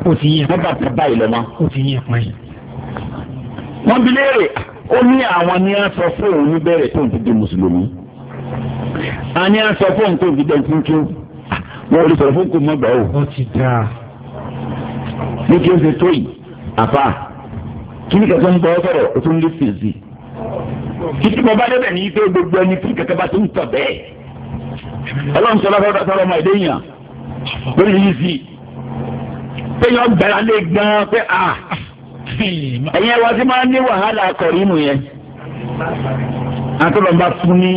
o ti yẹ. wọ́n bá tẹ báyìí lọ́mọ. o ti yẹ pọ́n yìí. wọ́n bi léèrè ó ní àwọn ní a sọ fóun níbẹ̀rẹ̀ tó ń fi di mùsùlùmí. a ní a sọ fóun tó ń fi dẹ́ntíntín wọn ò lè sọ̀rọ̀ fún kò mọ́ gbà ó. ó ti dáa. ní kí ó ṣe tó yìí àfa kí ni kankan bọ́ sọ̀rọ̀ o tún lè fèsì. títí mo bá débẹ̀ ní pé gbogbo ẹni tí kankan bá tó ń tọ̀ bẹ́ẹ̀. ọlọ́run sọ lọ́kọ́ sọ̀rọ̀ ọmọ ẹ̀dẹ́ yàn lórí yìí sí. péye ọgbẹ́ra lè gan pé a. ẹ̀yin ẹ̀wọ̀n ti máa ń ní wàhálà akọ̀rí mu yẹn. àtọ́lọ́mbà fún ní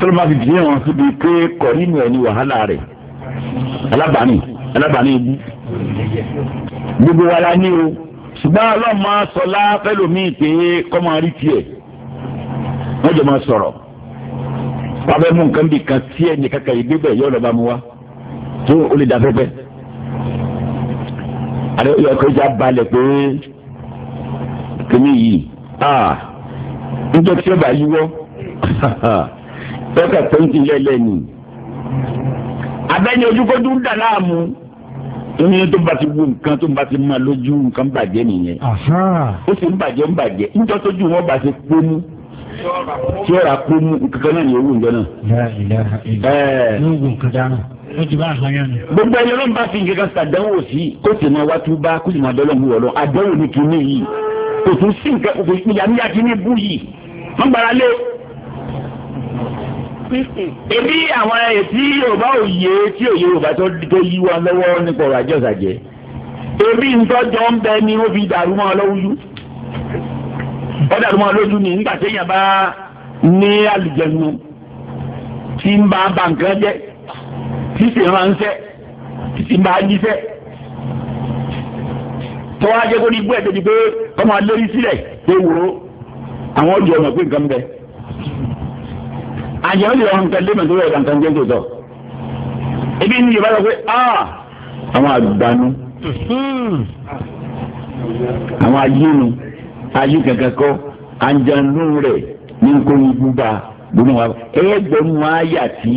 tọ́lọ́mbà fi dìé wọn síbi pé kọ̀rí mu ẹ̀ ní wàhálà rẹ̀ alábàání alábàání ibú gbogbo wa la ní o ṣùgbọ́n ọlọ́run máa sọ láfẹ́lòmíì pé kọ́ máa rí tiẹ̀ wọ́n jọ máa sọ̀rọ̀ pàbẹ́ mú nǹkan bí kan tí ẹ̀ nìkan kan ìgbé bẹ̀ yọ̀ọ́ lọ́ba mu wa tó o lè dàbẹ́bẹ́ àdé yọ kó já balẹ̀ pé kìnìún yìí aa ah, nítorí tí ó bá yíwọ́ tọ́ka pẹ́ńtì lẹ́lẹ́ nìyí abẹ́ni ojúkójú ń dà láàmú ní tó bá ti wo nǹkan tó bá ti máa lójú nǹkan bàjẹ́ nìyẹn ó sì ń bàjẹ́ ń bàjẹ́ níjọ́ tójú wọn bá ti pónú tí ó ra pónú kankan náà yóò wù ńjọ náà. Eh. gbogbo ẹni ọlọ́run bá fi nǹkan kan sàdánwò sí kó sì máa wá túbá kó sì máa dọ́lọ́ mú wọ̀lọ́ àdánwò ní kinní yìí kò tún sí nǹkan kò tún ìyá èmi àwọn ètí yorùbá òye tí òye yorùbá tó yí wa lọ́wọ́ nípa ọ̀rọ̀ ajé ọ̀sàjẹ́ èmi ntọ́jọ́ ń bẹ ni ó fi dàrú mọ́ lọ́wọ́jú ó dàrú mọ́ lójú ni nígbà téèyàn bá ní àlùjẹnu tí ń bá ba nǹkan jẹ́ tí sì máa ń sẹ́ tí ń bá yíṣẹ́ tó wá jẹ́ kó ní gbọ́ ẹ̀ tó di pé kọ́mọ lórí sílẹ̀ pé wòó àwọn ọ̀dọ́ ọmọ pé nǹkan bẹ́ẹ̀. àjẹ́ ó lè rọrùn nǹkan lébẹ̀ tó rẹ̀ kàǹkan jẹ́ tòótọ́ ebi ní yorùbá sọ pé ah! àwọn a àwọn ayélu ayé kankan kọ́ àjànú rẹ̀ ní nkóyin gbúgbà gbóná wa ẹgbẹ̀rún ayà tí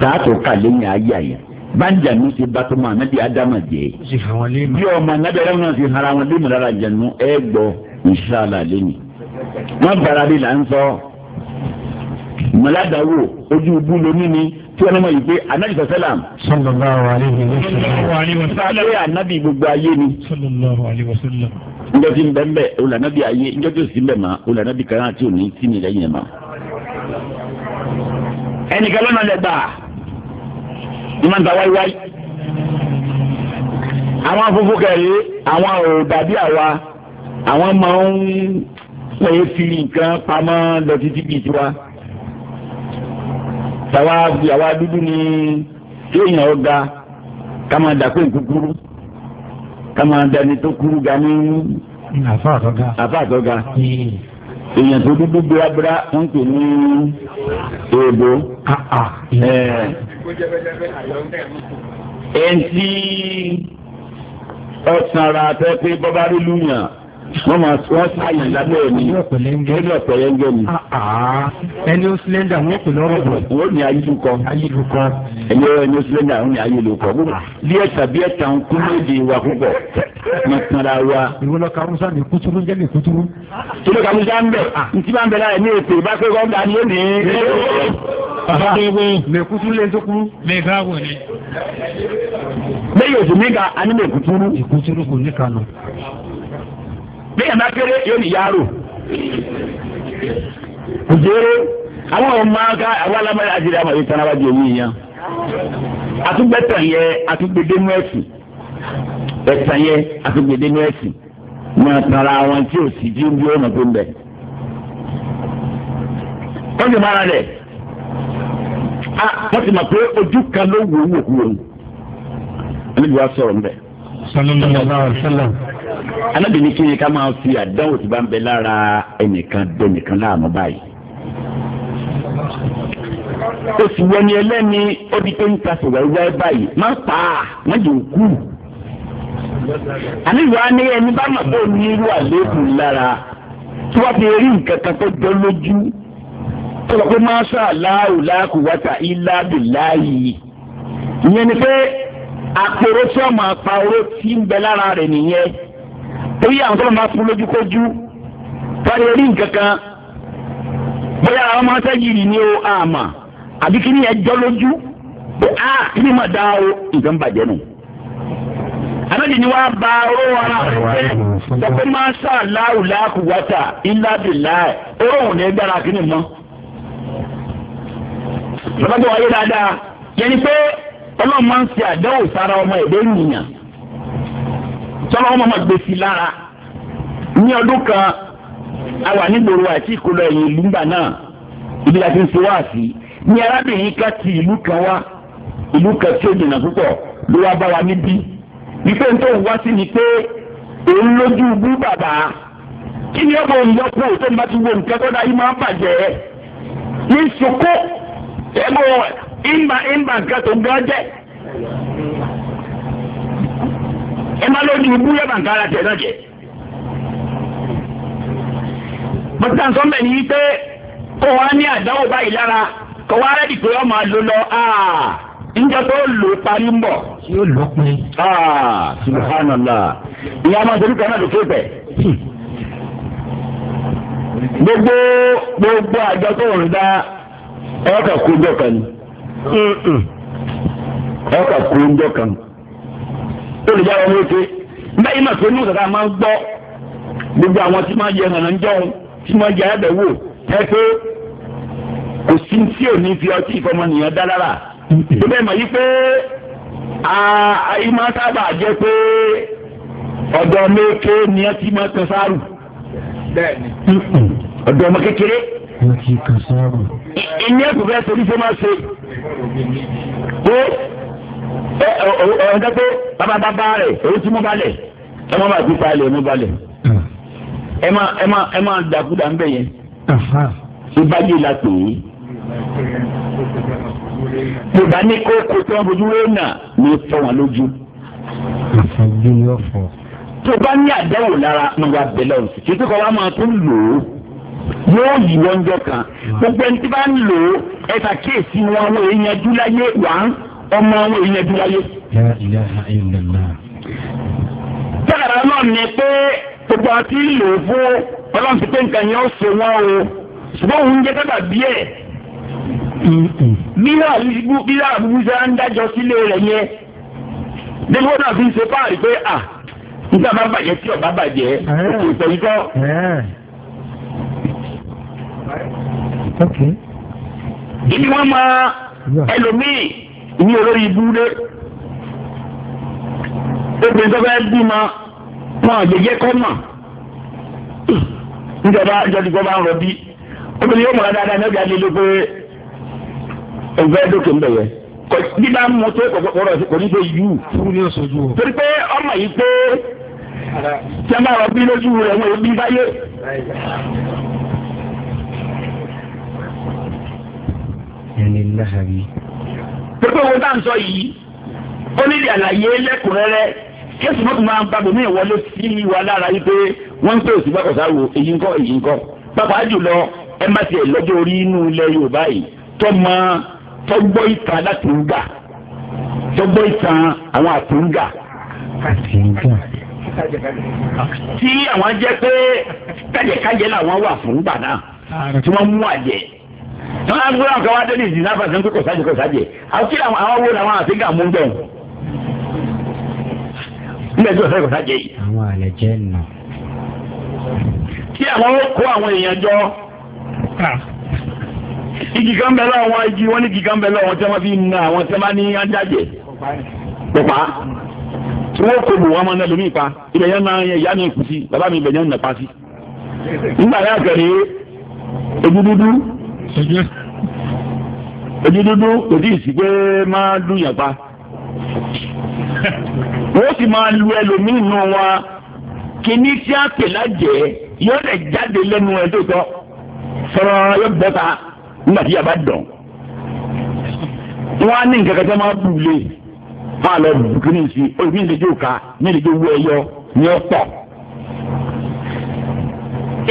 tààtò kà lẹ́yìn ayà yìí bájànú ti bá tó mọ ànábì ádámà jẹ bí ọmọ ádámà náà ti hara wọn lé mọ̀lára wọn bára bí là ń sọ. mọ̀ládàwò ojú ibú lóní ni tí wọ́n mọ̀ yìí pé anabi sàlám. sallallahu alaihi wasallam. ṣé anabi gbogbo ayé ni. sallallahu alaihi wasallam. njọ́ ti ń bẹ́ ń bẹ́ olànàbí ayé njọ́ ti sì ń bẹ̀ mọ́ olànàbí kan àti òní sí mi lẹ́yìn ẹ̀ mọ́. ẹnìkan lọ́nà lẹ́gbà ni máa ń ta wáíwáí. àwọn afúnfú kẹrì àwọn ò dàbí àwa àwọn máa ń pè fi nǹkan pamọ́ lọ títí bíi tiwa tàwa bí àwa dúdú ni kéèyàn ọ̀gá ká máa dàpé kúkúrú ká máa dání tó kúrú ga ní. àfa àtọ́ga. àfa àtọ́ga. Hmm. èèyàn tó dúdú búrábúrá ń pè ní èèbó. Ah, ah, ẹn tí ọ̀sán ara tẹ́ pé bọ́bá rí lùyàn wọ́n máa wọ́n sáyà lábẹ́ ẹ̀ ní ẹni ọ̀pọ̀ yẹn gẹ́ ni. ẹni ó sílẹ́ndà wọ́n pè lọ́rọ̀ bọ̀. wọ́n ní ayélujọ. ayélujọ. ẹni ó ẹni ó wọ́n ní ayélujọ. bí ẹ̀ta ah. bí ẹ̀ta ń kú méje wà púpọ̀ ní kanra wa. ìwọ lọ kàrúnsá ní kútúrú jẹ́ ní kútúrú. kí ló kàrúnsá ń bẹ̀ ah. ntí máa ń bẹ̀ láyé ní ètò ìbáfẹ́ kọ́ńdà ni ó ní mẹ̀kútú lé ntókú. mẹ̀ká wò ni. bẹ́ẹ̀ yóò sì mí ka ani mẹ̀kútú. mẹ̀kútú kò ní kanu. bẹ́ẹ̀ bá kéré yóò ní yàrá kò jẹ́rẹ́ àwọn ọmọ aka àwọn alámọ̀lẹ́ àjẹrẹ́ àmọ̀ yìí tán abájọ yìí yẹn àtúgbẹ́tàn yẹ àtúgbẹ́dẹ́nu ẹ̀sìn ẹ̀sàn yẹ àtúgbẹ́dẹ́nu ẹ̀sìn máa tara àwọn tí ò sì dín bí tó ń bẹ̀. wọ́n ti rẹ̀ wọ́n alábìíní kí ni ká máa fi àdáwò tí bá ń bẹ lára ẹnìkan dẹnìkan láàmú báyìí. oṣù wọ̀nyí ẹlẹ́ni ó di pé ń ta sọ̀wẹ́wẹ́ báyìí má pa á má jẹ́ òkú. àníwá ni ẹni bá mà bó ní irú àléébù lára tí wọ́n fi rí nǹkan kan tó jọ lójú tó lọ pé máṣá aláwò láàkúwátà ilá bìláyì ìyẹn ni pé àpérò tí wọ́n máa pa oró tí ń bẹ lára rẹ̀ nìyẹn torí àwọn sọ́nà máa fún lójúkójú fáre rí nǹkan kan bóyá àwọn máa sẹ́yìn ní o àmà àbí kí ni ẹ jọ lójú pé a kí ni mà dá o nǹkan bàjẹ́ nù. Anáàdì ni wàá ba oró ara rẹ̀ pé sọ pé máa sá láwù láàkú wáta ilá bì láì oró òun lè gbára mọ́. Bàbá bò wáyé dáadáa yẹn ni pé ọlọ́run máa ń ṣe àdánwò sára ọmọ ẹ̀dẹ́ ènìyàn tọ́lá wọn máa gbèsè lára ní ọdún kan a wà nígboro àti ìkólọ ẹ̀yìn ìlú ńgbà náà ibi láti ń ṣe wá sí ní arábìnrin ká ti ìlú kan wá ìlú kan tí ó dènà púpọ̀ ló wá bá wa níbí wípé n tó wá sí ni pé òun lójú bú bàbá kí ni ọmọ òun yọ tó ń bá ti wo nǹkan tó dá yìí máa ń bàjẹ́ ní sòkó ẹgbẹ́ ìmbà ìmbà nǹkan tó ń jẹ́ ẹ má lórí ibú yẹ bàǹkà ara tẹ̀ náà jẹ́. bọ́tà ń sọ mẹ́ ni pé kó wá ní àdánwò báyìí lára kó wá rẹ́dì pé ọmọ ló lọ níjọ tó lò parí ń bọ̀. tí ó lọ pé. subhanallah ìyá máa ń sọ nípa náà lókè pẹ̀ gbogbo gbogbo àjọ tó ń da ọkà kúndọ̀ kan ọkà kúndọ̀ kan olùjáwọ ọmọ òkè bẹ́ẹ̀ iná pé nígbà tá a máa ń gbọ́ gbogbo àwọn tí máa ń yẹ hànà ń jọun tí máa ń yẹ ayábẹ̀wò ẹ pé kò sí tí ò ní fi ọtí ìfọmọnìyàn dá lára tó bẹ́ẹ̀ mọ̀ yí pé ìmọ̀ sábà jẹ́ pé ọ̀dọ́ ọmọ òkè ni ẹ ti máa tán sáàrù ọ̀dọ́ ọmọ kékeré ìní ẹ̀kú fẹ́ torí fẹ́ máa ṣe ẹ ẹ ẹ dẹ́pẹ́ bàbá bàbá rẹ̀ èyí tí mo bá lẹ̀ ẹ má bàa ti pa ilẹ̀ mo bá lẹ̀ ẹ má ẹ má ẹ má dàkúdà ń bẹ̀ yẹn ìbáyé la pè é yorùbá ní kókó tí wọn fojú wéé nà ní fọ wọn lójú. àfọjú ni ó fọ. tó bá ní àdáwò lára ní wa bẹ̀lẹ̀ òsì títí kọ́ wa máa tún lò ó yóò yí wọ́njọ́ kan gbogbo ẹni tí bá ń lò ó ẹ̀ka kíyèsí wọn wọ ìyanjú láyé wà ń ọmọ owó ilé bí wáyé. Tẹ́lẹ̀ náà ni pé gbogbo àti ìlò fún ọlọ́run ti pé nǹkan yẹn ó so wọ́n o ṣùgbọ́n òun jẹ́ dábàá bí ẹ̀. Bí náà búburú ṣe ń dájọ́ sílé rẹ̀ yẹn, nínú wọn náà fi ń ṣe fáàrí pé à nígbà máa bàjẹ́ tí ọ̀bá bàjẹ́ eh. kò ìtọ́jú kọ́. Ìní eh. wọn máa ẹlòmíì ní olórí ibúdé obìnrin tó fẹ́ bímọ wọn àgbègbè kọ́ mà níjọba ìjọba bá ń rọbí obìnrin yóò múra dáadáa ní ọjà lílo pé òfẹ́ dókè ń bẹ̀yẹ bí bá ń mú tó kọ̀kọ̀rọ̀ kò ní pé yú torí pé ọmọ yìí pé tí a bá rọbí lójú rẹ̀ wọ́n ebi báyé. yẹn ni láhàbí pépé owó tá à ń sọ yìí ó ní ìdí àlàyé lẹ́kùnrẹ́rẹ́ kéésì mọ́tò máa ń gbàgbọ́ mí ìwọlé sí wa lára yìí pé wọ́n ń pè sí gbàgbọ́ sáwò èyí ńkọ́ èyí ńkọ́ pàápàá jùlọ ẹ má tiẹ̀ lọ́jọ́ orí inú ilẹ̀ Yorùbá yìí tó máa tọ́gbọ́ ìtàn láti ń gà tọ́gbọ́ ìtàn àwọn àtúngà tí àwọn jẹ́ pé kájẹkájẹ làwọn wà fún gbà náà tí wọ́n mú àjẹ́ wọn á gbé àwọn kan wá dé ní ìdìní àfàṣẹ ń pè kọsájì kọsájì àwọn kí àwọn wo làwọn àti gàmú ń dọ̀hún. nígbà tí kọsájì kọsájì yìí. àwọn àlejò nà. kí àwọn kó àwọn èèyàn jọ igi kan bẹ lọ wọn igi wọn ní igi kan bẹ lọ wọn tí wọn fi na àwọn tí wọn bá ní ajájẹ pípa tí wọn kò bò wọn máa ń lọ lómi pa ibẹ̀ yẹn náà ìyá mi kù sí bàbá mi ibẹ̀ yẹn nà pa sí. nígbà yà ojú dúdú kò tí ì sí pé máa dùnyàn pa wọ́n sì máa lu ẹlòmíì nù wọn kíní tí a pè lájẹ́ yóò lè jáde lẹ́nu ẹ̀ tó tọ́ sọ̀rọ̀ yóò bọ́ta nígbà tí yàrá dùn wọn á ní nǹkan kan tí wọn máa bù lé wọn á lọ bù kíní sí olùkí ní ìdíjú ká ní ìdíjú wú ẹyọ ní ọ̀pọ̀.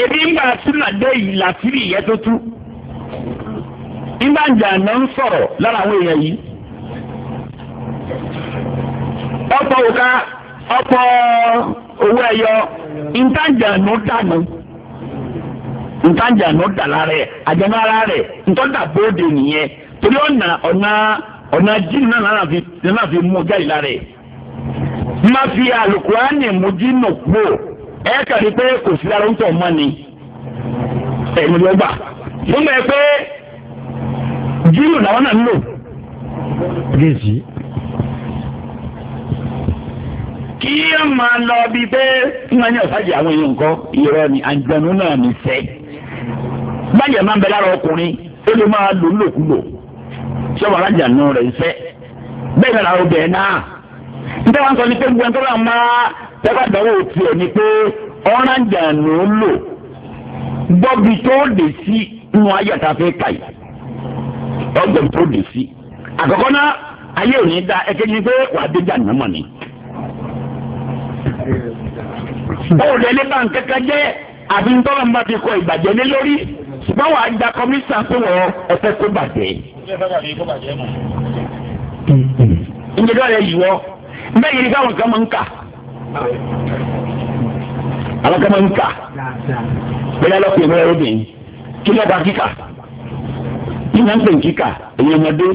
èmi ń gbà sínú àdé yìí làásìrì ìyẹn tó tú. gbàǹjà náà ń sọ̀rọ̀ lára àwọn èèyàn yìí. ọ̀pọ̀ òka ọ̀pọ̀ owó ẹyọ ìtajà ló dànù ìtajà ló dà lára ẹ̀ àjẹmọ́ ara rẹ̀ ntọ́jà bóde nìyẹn torí ọ̀nà ọ̀nà ọ̀nà jíìnì náà náà fi mú jáde lára ẹ̀. má fi mú jíìnì kàrí pé jílù làwọn náà ń lò gèzì. kí ẹ máa lọ bí bẹ́ẹ̀ tí wọ́n ní ọ̀sájì àwọn èèyàn nǹkan ìrọ̀ ni àǹjẹ̀nu náà ní sẹ́. báyìí máa ń bẹ lára ọkùnrin ó lè máa lò lòkulò tí ọmọ alájà nù rẹ̀ ń sẹ́. bẹ́ẹ̀ ni àwọn obìnrin náà nígbà wọn sọ ni pé gbogbo ẹni tó máa tẹ́gbà dánwò tiẹ̀ ni pé ọ̀rànjà nù lò gbọ́bi tó dé sí inú ayé àtàfẹ́ kàyí ọgbẹ ntòdì sí àkọ́kọ́ náà ayé òní da ẹkẹ ní pé wà á déjà nàmọ ni. báwo lẹni bá ń kẹkẹ jẹ àbí ń tọ́lọ́ nípa ti kọ ìbàjẹ́ lé lórí ṣùgbọ́n wàá gba kọmíṣà pé wọ́n ẹ̀fẹ́ kó bàjẹ́. ìjọba rẹ̀ yìí wọ́ bẹ́ẹ̀ yìí káwọn kan máa ń kà àwọn kan máa ń kà bẹ́ẹ̀ lọ́kùnrin bẹ́ẹ̀ lóbìnrin kí ló bá kíkà kí wọ́n pè ń kíkà èyí ọmọdé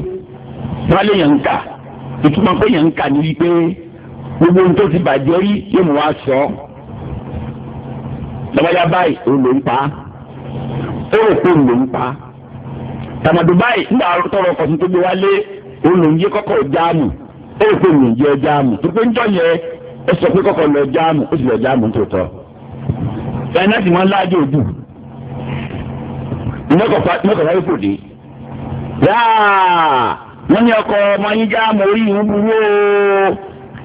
wálé yẹn ń kà ìtumọ̀ pé yẹn ń kà ní wípé gbogbo ohun tó ti bàjẹ́ rí yóò mú wa sọ ọ́ lọ́wọ́yá báyìí òun ló ń pa ó rò pé òun ló ń pa tàmàdù báyìí nígbà tọrọ ọkọ̀ tó gbé wálé òun ló ń yé kọ́kọ́ jáàmù ó rò pé òun ló ń yé jáàmù tó pé ń jọ yẹn ó sọ pé kọ́kọ́ lọ jáàmù ó sì lọ jáàmù tó tọ́ ẹ̀ náà sì wọ́n láàjọ òdù mọ́kànlá yóò fòde. yáà wọ́n ní ọkọ̀ ọmọ yín já mọ̀ orí ìwú burú o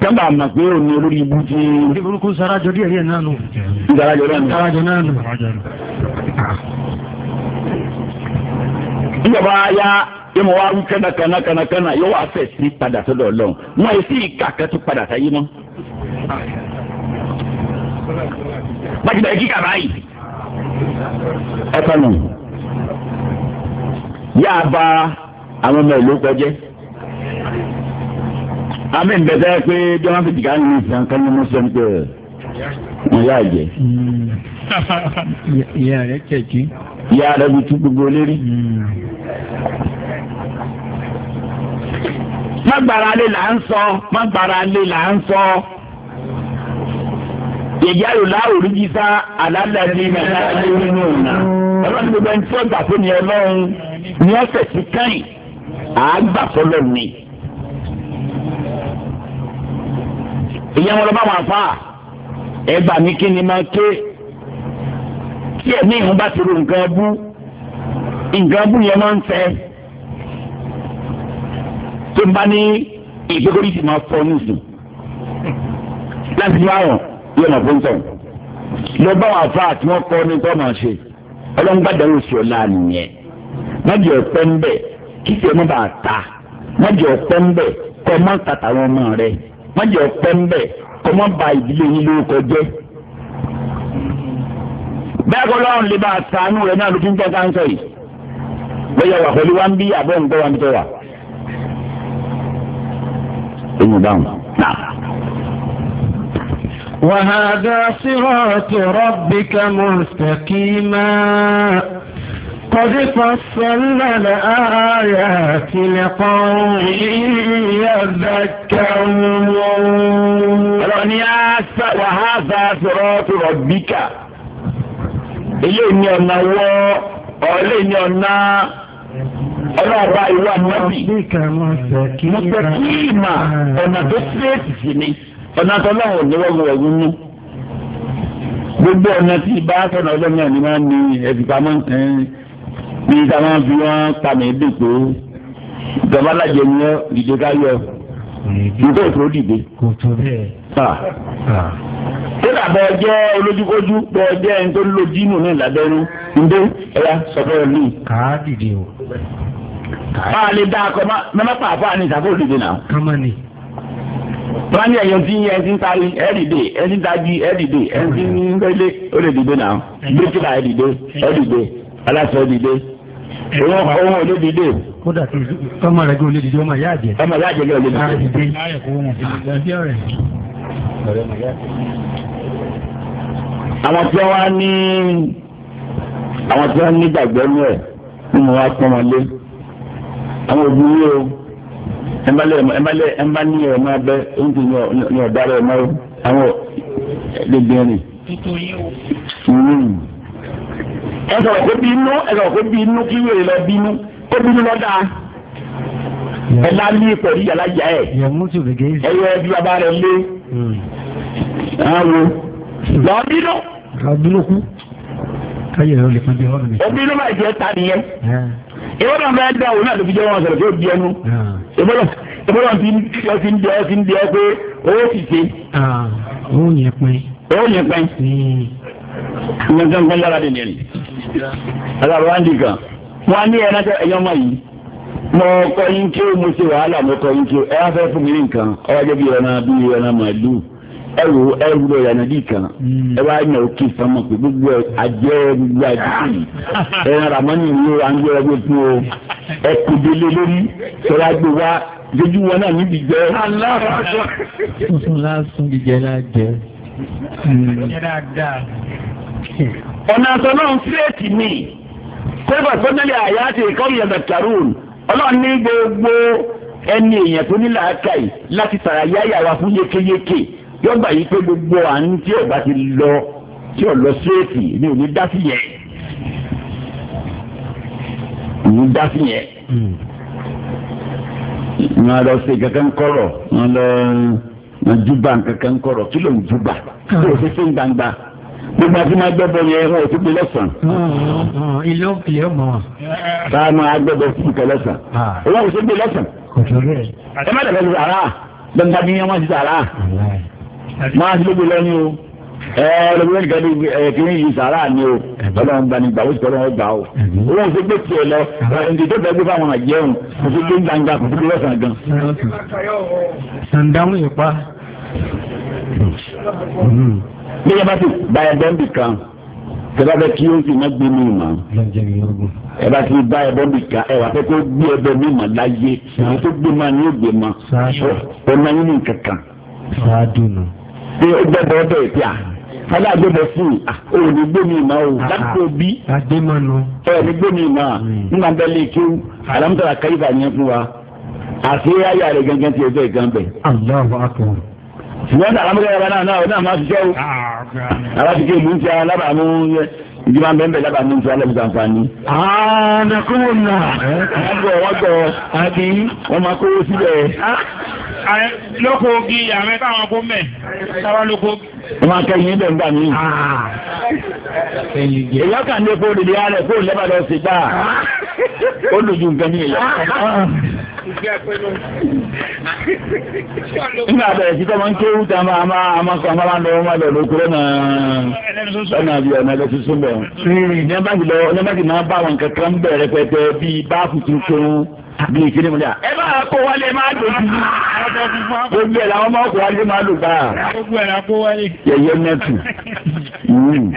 jọba àmà pé òní olórí ibú ti. ní sarajọ díẹ̀ díẹ̀ náà náà nù. sarajọ náà nù. ìjọba ya ịmụwa wá wí kánnakánná kánnakánná yóò wá fẹ̀ sí padà sọ́dọ̀ ọlọ́run wọn yìí sí ìka kẹ́tù padà sáyé mọ́. yá a ba àwọn ọmọ ìlú kọjẹ́ àmì ìbẹ̀tẹ̀ pé bí wọ́n fi jìgá ní ìsàn kan ní mọ́sán pé wọ́n yá jẹ. ìyá rẹ̀ kẹ̀kí. ìyá rẹ̀ bi tú gbogbo lérí. mọ́gbàrá lè là ń sọ mọ́gbàrá lè là ń sọ ìyá yòlá òrìjì sá ní nàìjíríà nínú ìlànà ọlọ́run gbogbo ẹni tí ó gbà fún ni ọlọ́run ní ọ̀sẹ̀ tí káyìn àgbà fọlọ́ mi. ìyá wọn lọ bá wọn fà ẹ gbà mí kí ni máa ké tí ẹ̀mí ìhun bá ti ro nǹkan bú nǹkan bú yẹn máa ń fẹ́ tó ń bá ní ìgbégorí ti máa fọ́ nísìn láti ní àrùn yóò máa fún tọ̀ lọ bá wọn fà tí wọ́n kọ́ ní tọ́ máa ṣe ọlọ́run gbàdá oṣù ọ̀la nìyẹn mọ́jọ ọ̀pẹ́ ń bẹ̀ kí tiẹ̀ mọ́ bá ta mọ́jọ ọ̀pẹ́ ń bẹ̀ kọ́ mọ́ tàtà wọn mọ́ rẹ mọ́jọ ọ̀pẹ́ ń bẹ̀ kọ́ mọ́ ba ìdílé yín lórúkọ jẹ́. bẹ́ẹ̀ kọ́ lọ́run lè bá a ta inú rẹ̀ náà ló fi ń jẹ́ káńsọ̀ yìí bẹ́ẹ̀ wà pẹ̀lú wa ń bí àbọ̀ ń gbọ́ wa ń tọ́ wa. وهذا صراط ربك مستقيما قد فصلنا الآيات لقوم يذكرون وهذا صراط ربك إليني أنا و إليني أنا ọlọ́ọ̀bá ìwà nàbì mọ̀tẹ́kìmà ọ̀nà tó ṣe é sì sí ni ọ̀nà tọ́lọ́wọ̀ níwọ́gbọ̀ ẹ̀gún mú gbogbo ọ̀nà tí bá tọ̀nà ọlọ́mọ ẹ̀mí máa ń ní ẹ̀fìpamọ́ ní ìta máa ń fi wọ́n pàmì èdè pé ìjọba alájẹ ni ọ dìde ká yọ ìgbà ìfúró dìde. kò tó bẹ́ẹ̀. kódà bọ́ jẹ́ olójúkójú bọ́ jẹ́ ẹni tó lójú nù ní ìlàbẹ́rú ndé ẹ̀yà sọ̀tọ̀ ẹ̀ lóyún. kàá dìde o. a lè dá akọ mọ́ mọ́ pàápàá ní ìtàkùn wọ́n ní ẹ̀yọ́ tí ń yẹ ẹ ti ń tarí ẹ dìde ẹ ti ń tají ẹ dìde ń rẹ́lé ó lè dìde náà bíríkìlà ẹ dìde aláṣẹ ẹ dìde òun òun ò lè dìde. kódà rẹ gbé olè dìde ọmọ ìyá àjẹ. ọmọ ìyá àjẹ ló lè àwọn tí wọ́n ní àwọn tí wọ́n ní gbàgbọ́ ní ẹ̀ nínú wa pọ́n àwọn òbí yìí o ẹ má lẹ ẹ má lẹ ẹ má ní ẹ má bẹ ohun tí ní ọ̀dà rẹ má o àwọn gbẹgbẹ ni. ẹ sọ̀rọ̀ kó bínú ẹ sọ̀rọ̀ kó bínú kí wèrè lọ bínú kó bínú lọ dáa ẹ lálé pẹ̀lú yàrá yà ẹ̀ ẹ yọ ẹbí bàbá rẹ lé àwọn lọ bínú. lọ bínú kú. káyọ̀ ẹ̀ ló lè pẹ́ bínú máa jẹ́ ta nìyẹn ìbọ̀dọ̀ bá dá òun náà ló fi jẹ́ wọn sọ̀rọ̀ tó di ẹnu ah. ìbọ̀dọ̀ ti ń di ọ ti ń di ọ ti ń di ọ pé owó ti ṣe. Ah, owó yẹn pín. owó yẹn pín. nǹkan yára dè nìyẹn. alábọ̀ wá ń di kan wọn á ní ẹ̀ náà ẹ̀yọ́ mọ̀ yìí mo kọ́ yín kí ó mo ṣe wàhálà mo kọ́ yín kí ó ẹ̀ á fẹ́ fún mi ní nǹkan jẹ́ bí ẹran bí ẹran màálù ẹ wo ẹ wúlò yànnà dì kan hmm. ẹ wá yàn ó kì í sọmọ pé gbogbo ẹ ajẹ gbogbo ajẹ ẹ rárá mọ ní ìwé àńgbé ẹ gbé fún o ẹ kò délé lórí sọlá gbé wá lójú wọn náà níbi jẹ. tuntun lásán jíjẹ lájẹ. ọ̀nà àtọ̀ náà ń fẹ́ẹ̀tì mi kó bá sọ́nẹ́lẹ̀ àyà ti ìkọ́rù yàtọ̀ kàrún ọlọ́run ní gbogbo ẹni èèyàn tó ní làákàyè láti tàrà yáyà wa fún yékéyéké yọgbà yìí pé gbogbo à ń tí ọba ti lọ tí ò lọ síréètì ni ò ní dá sí yẹn ò ní dá sí yẹn wọn lọ ṣe kankan kọrọ wọn lọ wọn júbà kankan kọrọ kí ló ń júbà kí ló ṣe ṣe ń gbangba gbogbo àti máa gbẹ́bọ̀ yẹn ẹ̀rọ òtún gbé lọ́sàn-án. ilé òkè ọmọ wa. tá a máa fún ìkẹ́ lọ́sàn-án. owó àwòṣe gbé lọ́sàn ẹ má dàgbà sí sàrà dandan ní ọmọ sí sàrà máa ti lóbi lẹ́yìn o ẹlòmíràn nìkan ní kìíní yìí sàrà ni o ọlọ́run gba ni gbà ó sì tọ́lọ́run gbà o owó ń ṣe gbé tiẹ̀ lọ ǹjẹ́ tó fẹ́ gbé fáwọn àjẹun kò sí gbé gbangba kò sí gbé lọ́sàn gan. sàndáhùn ìpa. Hmm. bí yẹn bá ti bá ẹ bọ́ǹbì kan tẹ́lá bẹ kí ó sì má gbé mi mọ́ ẹ bá ti bá ẹ bọ́ǹbì kan ẹ wà fẹ́ kó gbé ẹ mi mọ́ láyé èyí tó gbé ma ni ó gbé ma ọ̀nà yín ní kankan. sáà dùn nù pé ó gbọ́dọ̀ ọ̀dọ̀ ìpè à fọlá gbẹmọ fún un ò ní gbẹmí ìmọ̀ o ah, láti ah. òbí ẹ ní gbẹmí ìmọ̀ hmm. nígbà bẹ́ẹ̀ lè kí o alámùtàlá káyífà yẹn fún wa àti ayé rẹ̀ gángan ti ẹgbẹ́ gan bẹ̀. ṣùgbọ́n alámùtàlá yàrá náà náà ó náà máa fi jẹ́ o alábìkẹ́ ah, ìlú ń ti alábàámu yẹn ìjọba ń bẹ ń bẹ lábàá ní ìjọba alábùsà àǹfààní. àdàkùnrin ọ̀nà. wọ́n gbọ́ wọ́n gbọ́ àbí wọ́n máa kówó síbẹ̀. lóko ogi àwọn ẹ̀ka kó mẹ́ táwa lóko ogi. wọn akẹyìn bẹ ń gbà mí. Ah. èyí kà ní epo òdìdí alẹ kó lẹ́bà lọ sí gbà ah. ó lójú nǹkan ní ìlọ. Ah. nígbà bẹ̀rẹ̀ sí tọ́mọ ń ké wú tá a máa a máa kọ́ a máa lọ wọn lọ lóko lọ́nà lọ́nà àbí ọ̀nà ẹ̀dọ́ tuntun bẹ̀. ní abájú lọ ní abájú máa bá àwọn kankan bẹ̀rẹ̀ pẹ̀tẹ́ bíi báàfù tuntun. bí ìkíni mu ní à. ẹ bá kó wálé máa lò sí. gbogbo ẹ̀ làwọn máa kó wálé máa lò bá. gbogbo ẹ̀ la kó wálé. yẹyẹ nẹtù. Hmm.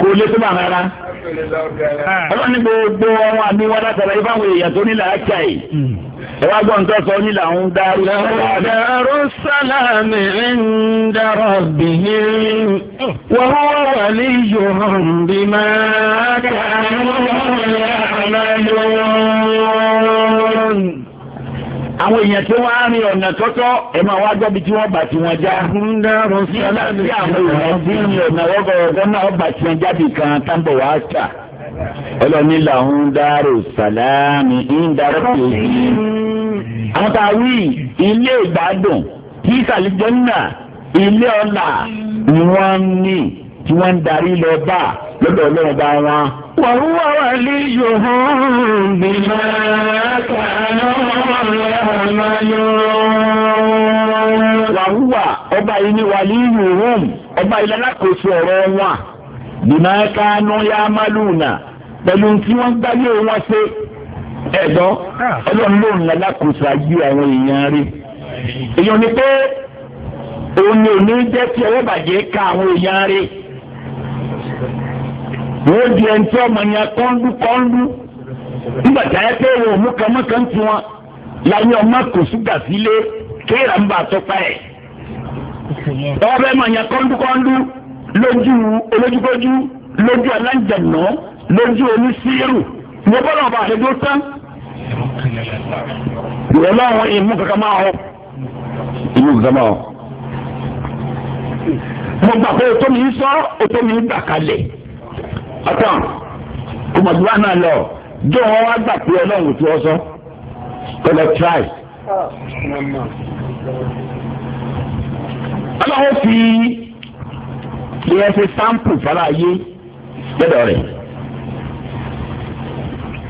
kò lè tó bá rárá. ọlọ́ni gbogbo ọmọ àmì wọn látara ifáwọn èèyàn tó ní làákà yìí. Hmm. ẹ wá gbọ́n tó sọ nílà ń darí. dàrú sálámì Ndị darọ̀ bìí wọ́n wà ní bí máa àwọn èèyàn tí wọ́n á rin ọ̀nà tọ́tọ́ ẹ̀ máa wá tí wọ́n bà tí wọ́n já. àwọn èèyàn tí rin ọ̀nà náà bà tí wọ́n ọlọ́ni làwọn dárò sàlámì ń darọ́ pé òjì. àwọn tá a wí ilé ìgbádùn tí sàlìjọ́nà ilé ọ̀la ni wọ́n ń ní tí wọ́n ń darí lọ bá lọ́dọ̀ ọlọ́run bá wọn. wàhùwà wà ní yohan bímọ kàánà ọlọ́run. wàhùwà ọba yìí ni wàlí yohan ọba yìí lálákòóso ọ̀rọ̀ wọn bímọ kàánà yá málùú náà pẹ̀lú tí wọ́n gbáyé wọn ṣe ẹ̀dọ́ ah. ọlọ́run ló ń lalákòóso ayé àwọn èèyàn rí èèyàn ni pé òun ni òní jẹ́ kí ọwọ́ bàjẹ́ ká àwọn èèyàn rí wọ́n di ẹni tí ọmọ yẹn kọ́ńdú kọ́ńdú nígbà tí ayé pé wọn ò mú kànmọ́kà ń tiwọn láyé ọmọ kò súgà sílé kéèrà ń bà tọ́pa ẹ̀ ọwọ́ bẹ́ẹ̀ mọ̀ yẹn kọ́ńdú kọ́ńdú lójú olójúkójú lójú aláǹjẹ̀nù lójú omi síírù mo bọ́lá ọba àdéjọ́ tán ìwọ lọ́wọ́ ìmú kankan máa ọ ìmú kankan máa ọ. mo gbà pé ètò mi sọ ètò mi gbà kalẹ̀ ọ̀tàn kòmọ̀dúrà náà lọ jọ wọn wá gbà pé ọlọ́run tí wọ́n sọ kọlẹ̀ tíráì. ọlọ́run fi ìrẹsì sáǹpù fara ayé lọ́dọ̀ rẹ̀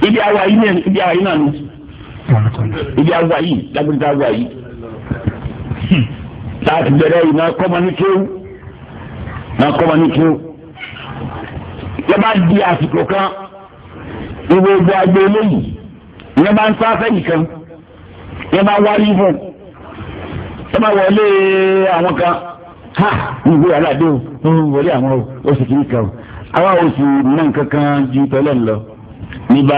ibi àwa yìí náà ibi àwa yìí náà ni ibi àwa yìí lágbègbè àwa yìí láti bẹ̀rẹ̀ yìí náà kọ́ ma ní kéwù náà kọ́ ma ní kéwù yẹn bá di àsìkò kan gbogbo gbogbo agbe eléyìí yẹn bá ń sá fẹ́yìn kan yẹn bá wárí fún yẹn bá wọlé àwọn kan ha ìwé aládé o wọlé àwọn o oṣù kìíní kan o àwa oṣù náà kankan ju tọ́lẹ̀ ń lọ nígbà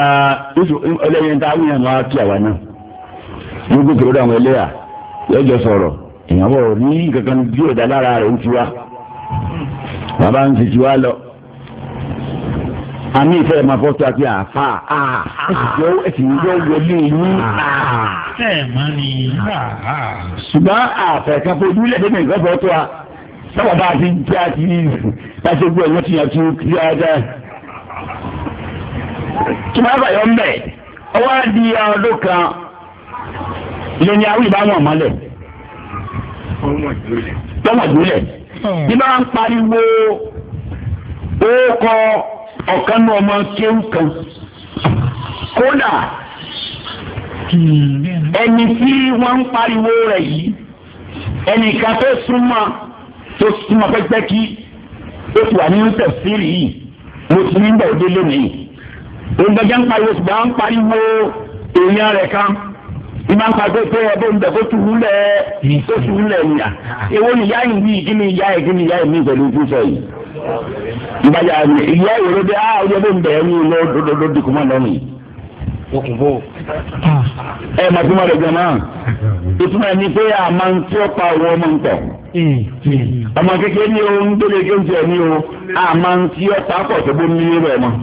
ẹlẹ́yìn tá a wúyàn máa kí àwa náà gbogbo kìlódà àwọn ẹlẹ́yà yọjọ sọ̀rọ̀ èèyàn bọ̀ ní kankan bí òdà lára rẹ̀ ń tiwa bàbá ń fi tiwa lọ àmì ìfẹ́ ẹ̀ máa fọ́ sí àti àfà ẹ̀sìnjọ́ ẹ̀sìnjọ́ wọlé yín. ṣùgbọ́n àfẹ̀kan fojú lẹ́sẹ̀ mi nǹkan fọ́ tó wa sábà bá a ti jẹ́ àti àti gbogbo ẹ̀yọ́ ti kí á dá kí máa bàyọ̀ ń bẹ̀ ọwọ́ di ọdún kan lè ní awí ìbáwọn mọ́lẹ̀ lọ́mọ ìdúlẹ̀ bí bá ń pariwo ó kọ ọ̀kan nu ọmọ kéwù kan kódà ẹni tí wọ́n ń pariwo rẹ̀ yìí ẹnìkan tó súnmọ́ tó súnmọ́ pẹ́pẹ́ kí ó ti wà nínú tẹ̀síìrì yìí mo ti ń bẹ̀ délé nìyí òǹdẹ̀jẹ̀ ń pariwo ṣùgbọ́n ń pariwo èèyàn rẹ̀ kan ìmọ̀ ń pàṣẹ pé ẹbí ń bẹ̀ kó tu wúlẹ̀ kó tu wúlẹ̀ nìyà èwo nìyá yìí ní ìdí ni ìyá yìí ní ìyá yìí ní ìpẹ̀lú ojú sọ yìí. ìbàjẹ́ ìyá ìròdé á ọjọ́ bó ń bẹ̀ ẹ́ ní lọ́dọọdọ okùn bò. ẹ máa tún máa lè jẹun náà ìtumọ̀ ẹni pé a máa ń tí ó pa owó ọmọ ń tọ̀. ọmọ kékeré ní o ń délé kéńtì ẹ̀ ní o a máa ń tí ó ta pọ̀ tó bó ní irú ẹ̀ mọ́.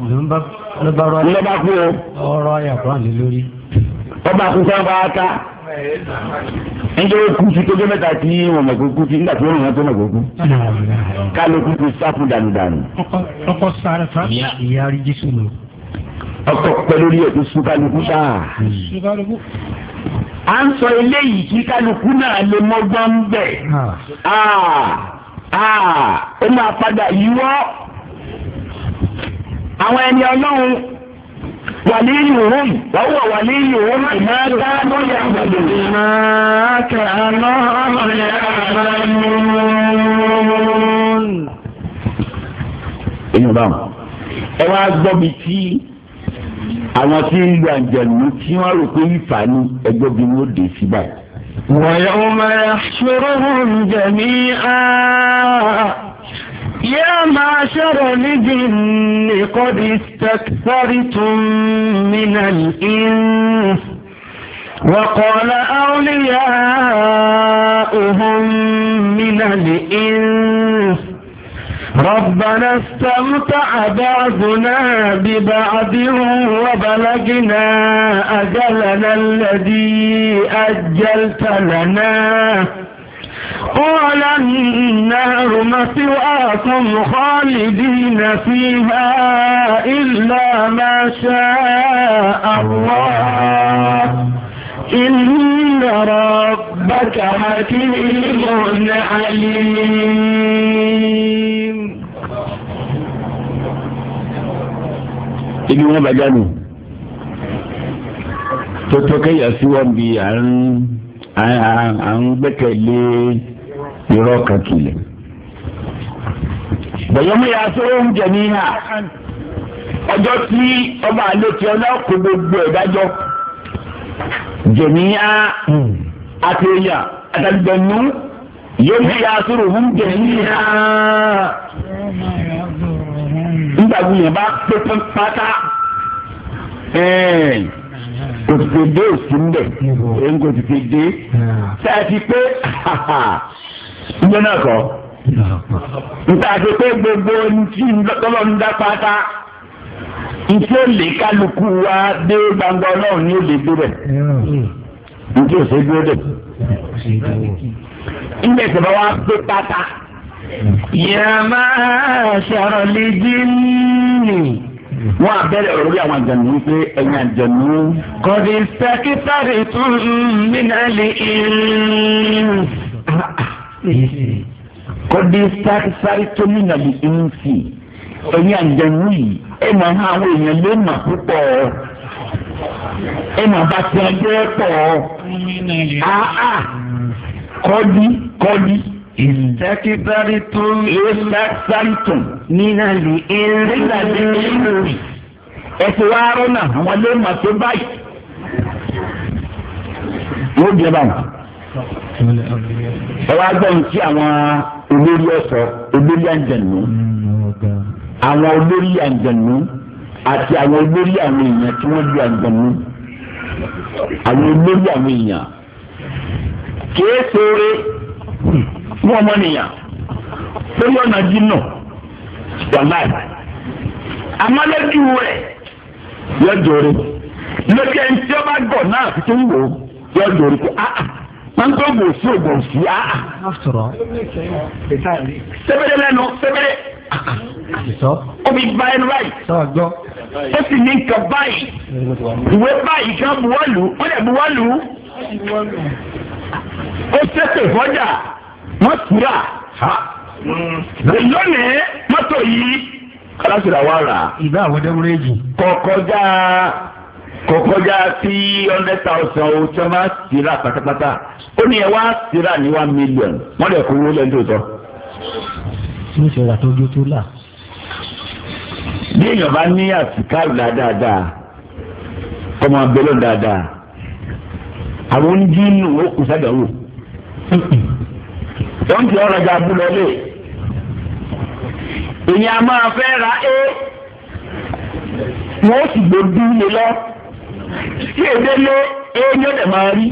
ló bá kú o. ọ̀rọ̀ ayàpọ̀ àlè lórí. ọba kúkú ọba ata njẹ́ o kú ti tóbi mẹ́ta tí wọ́n mọ̀ kókó ti nígbà tí wọ́n mọ̀ tó mọ̀ kókó. kálukú ti sáfù dànù dànù. ọkọ sáré fa ìyá rí jésù lọ ọkọ pẹ lórí ètò sukaluku sáà. à ń sọ eléyìí kí kálukú náà lè mọ́gbọ́n ń bẹ̀. ó máa padà yíwọ́ àwọn ẹni ọlọ́run wàlíyùhùn wọ́wọ́ wàlíyùhùn ìmọ̀ dáná yà gbàdọ̀. ìmọ̀ kẹ́hánà ọ̀rẹ́ àmàlùmọ́. èèyàn báwọn ẹ wá gbọ́ mi tí àwọn tí ń lu àǹjẹ̀nù tí wọ́n rò pé ìfà ni ẹgbẹ́ bí wọ́n dé sí báyìí. ويوم يحشرهم جميعا يا معشر الجن قد استكثرتم من الإنس وقال أولياؤهم من الإنس ربنا استمتع بعضنا ببعض وبلغنا أجلنا الذي أجلت لنا قال النار مسواكم خالدين فيها إلا ما شاء الله إن ربك حكيم عليم ibi wọn bá jáde tótó kéèyàn sí wọn bí à ń gbẹ́kẹ̀lé irọ́ kan kìlẹ̀ yà sọ oúnjẹ níhà ọjọ́ tí ọba àlejò ọlọ́kùn gbogbo ẹ̀dájọ́. jẹ̀míyà àti èèyàn àtàlùbẹ̀nú yóò fi àṣírò fún jẹ̀míyà. nígbà tí yẹn bá pé pátá òtítọ́ dé òsì ń bẹ̀ èyí kò tètè dé tá a ti pé ǹjẹ́ náà kọ́ nta ti pé gbogbo ohun tí tọ́lọ́ ń dá pátá ntí ó lè kálukú wa dé gbangba ọlọ́run ní òde dúró rẹ̀ ntí ó ṣe dúró dẹ̀. ilé ìsèlú wa pé pátá. yàrá sọ̀rọ̀ lè jí nì wọ́n abẹ́rẹ́ ọ̀rọ̀ bí àwọn àjànú wípé ẹ̀yin àjànú. kọ́dí sẹ́kítàrì tún mínàlì ìrìn. kọ́dí sẹ́kítàrì tún mínàlì ìrìn sí ẹ̀yin àjànú yìí. ẹ mọ̀ àwọn èèyàn ló mọ̀ púpọ̀ ọ ọ bá ti ẹgbẹ́ pọ̀ áá kọ́dí kọ́dí. ọ. Ìsẹ́kítárítún. Nínàlì eré. Nínàlì eré. Ẹ ti wá rọ́nà àwọn ló mọ̀ tó báyìí. jẹ báwọn ẹ wá gbọ́ àwọn olórí ọ̀sọ̀ olórí àwọn olórí àǹjẹ̀nú àti àwọn olórí àwọn èèyàn tí wọ́n lu àǹjẹ̀nú àwọn olórí àwọn èèyàn kìí sóore fún ọmọnìyàn tó yọ̀nà jìnnà wàláì amálẹ́jú rẹ̀ yọjọ́re lókè ntí ọba gọ̀ náà fi tó ń wò yọjọ́re pé áà pàǹtó bò sí áà. sẹ́bẹ̀rẹ̀ ah, ah. lẹ́nu sẹ́bẹ̀rẹ̀ sọ. ó fi ba ẹnu báyìí. sọ gbọ́. ó sì ní nǹkan báyìí. ìwé báyìí kan buwọ́lù ó lè buwọ́lù. ó ṣètò ìfọ́jà wọ́n tura. lónìí mọ́tò yìí kọ́lásìlà wà rà. ìbá àwọn dẹ́wúrẹ́ jù. kọ̀kọ́jà kọ̀kọ́jà sí hundred thousand o tí wọ́n máa sira pátápátá ó ní ẹ wá sira ní one million wọ́n lè kó owó lẹ́nu tó tọ́ tí ó ṣe ra tójú tó là. bí èèyàn bá ní àtìkáàrù dáadáa kọ́ máa bẹ lọ́n dáadáa àwọn oníjínú ó kù sádàwò wọ́n ti ọ̀rọ̀ ọjà abúlé lé èèyàn máa fẹ́ ra é wọ́n sì gbòdú lé lọ tí èdè lé é ní ọ̀dẹ̀ máa rí.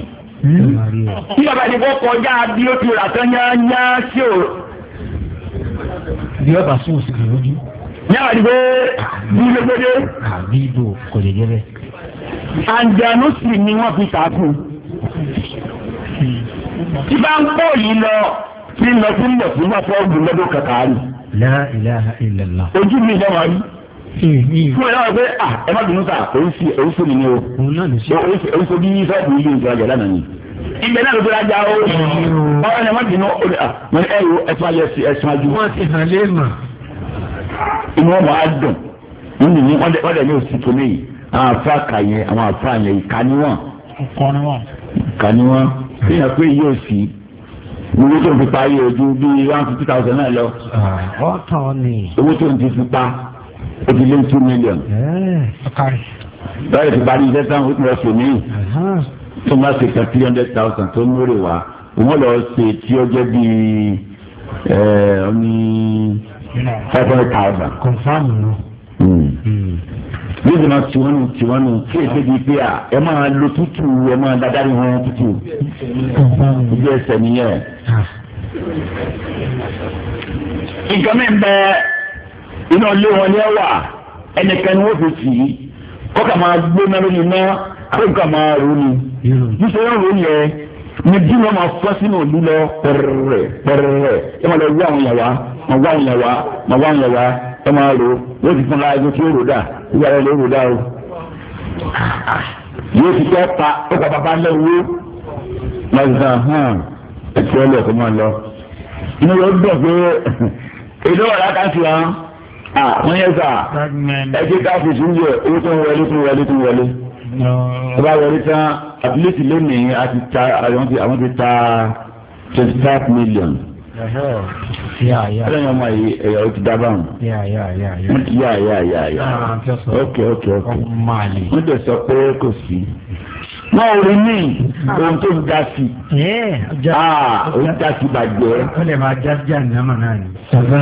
bí bàbá ìdìbò kọjá bí ó ti rà tán yáá yáá sí òòrùn bí ọba sùn sí ìlójú. ní àwọn àdìgbò bí lógbódé. àbí ibò kò lè jẹ bẹ́ẹ̀. àǹjànú sì ni wọ́n fi tà fún un. tí bá ń pọ̀ yìí lọ tí lọ sí lọ sí wọ́n fọ́ ọdún lọ́dún kàkà rí. la ilaha illallah. ojú mi lọ́wọ́ rí. fún ẹ náà pé ah, ẹ má bínú ta òun sì òun sì mi ni o. òun náà ló ṣe. òun sì bí fẹ́ẹ́ bí ilé ìjọba jẹ lánàá yìí ibẹ̀ náà ló gbéra já o ọ̀rọ̀ ẹ̀ má dì nù mọ̀ ẹ̀ yóò ẹ̀ tún ayé ẹ̀sùn ajú. wọ́n ti hàn lé mà. inú ọmọ á dùn nínú ní ọ̀dẹ̀ ní oṣù tó léyìí àwọn afa kà yẹn àwọn afa yẹn ìka ni wọn. ìka ni wọn. bí yàn pé yóò sí owó tó ń fi pa ayé ojú bíi one fifty thousand náà lọ. Ah, ọ̀tọ̀ ni. owó tó ń ti fi pa ó ti lé two million. báyìí ti parí iṣẹ́ sáwọn ó ti lọ sùn mí tó má ṣe ka three hundred thousand tó múre wá wọ́n lọ ṣe tí ó jẹ́ bíi ẹ̀ ọ́ ní five hundred thousand. confam nù. yóò hmm. hmm. ṣe máa tiwọ́nù tiwọ́nù kí èsì bíi pé à ẹ máa lo tútù ẹ máa dáadáa wọn tútù ìdí ẹsẹ̀ nìyẹn. Ah. nǹkan mi bẹ iná lé wọn ní ẹwà ẹnìkan ni wọn fi tì kọ́ka máa gbóná lónìí náà kó máa rú ni níṣẹ́ yóò wò yẹ ní bí wọn máa fọ́ sínú òlu lọ pẹ̀rẹ̀rẹ̀ pẹ̀rẹ̀rẹ̀ ẹ máa lọ wú àwọn yẹn wá máa wú àwọn yẹn wá máa wú àwọn yẹn wá ẹ máa rò yóò ti fún láàyè tí yóò rò dà ìgbà rẹ̀ lè rò dà o. yóò ti fẹ́ pa ó pa bàbá lẹ́wọ́ láti sàn hàn ẹ̀sẹ̀ ọlọ́ kó máa lọ. inú yóò dọ̀ pé èdè ọ̀rá kan ti hàn wọ́n yẹ sà ẹ ti ká fi sùn yẹ owó tó ń wọlé tó ń wọlé tó ń wọlé. tó wọlé tán àbílẹ̀tì lónìí àti ta àwọn ti àwọn ti ta twenty five million. ẹlẹ́yìn ọmọ yìí ẹ̀yà ó ti dá báwọn. wọ́n ti yá yá yá yá ok ok ok oh, wọ́n tẹ̀ sọ pé kò sí wọn ò rí ní ohun tó ń da sí. Ah, ó ń da sí bàjẹ́. ó lè máa já sí àná mọ̀ náà ni sàbá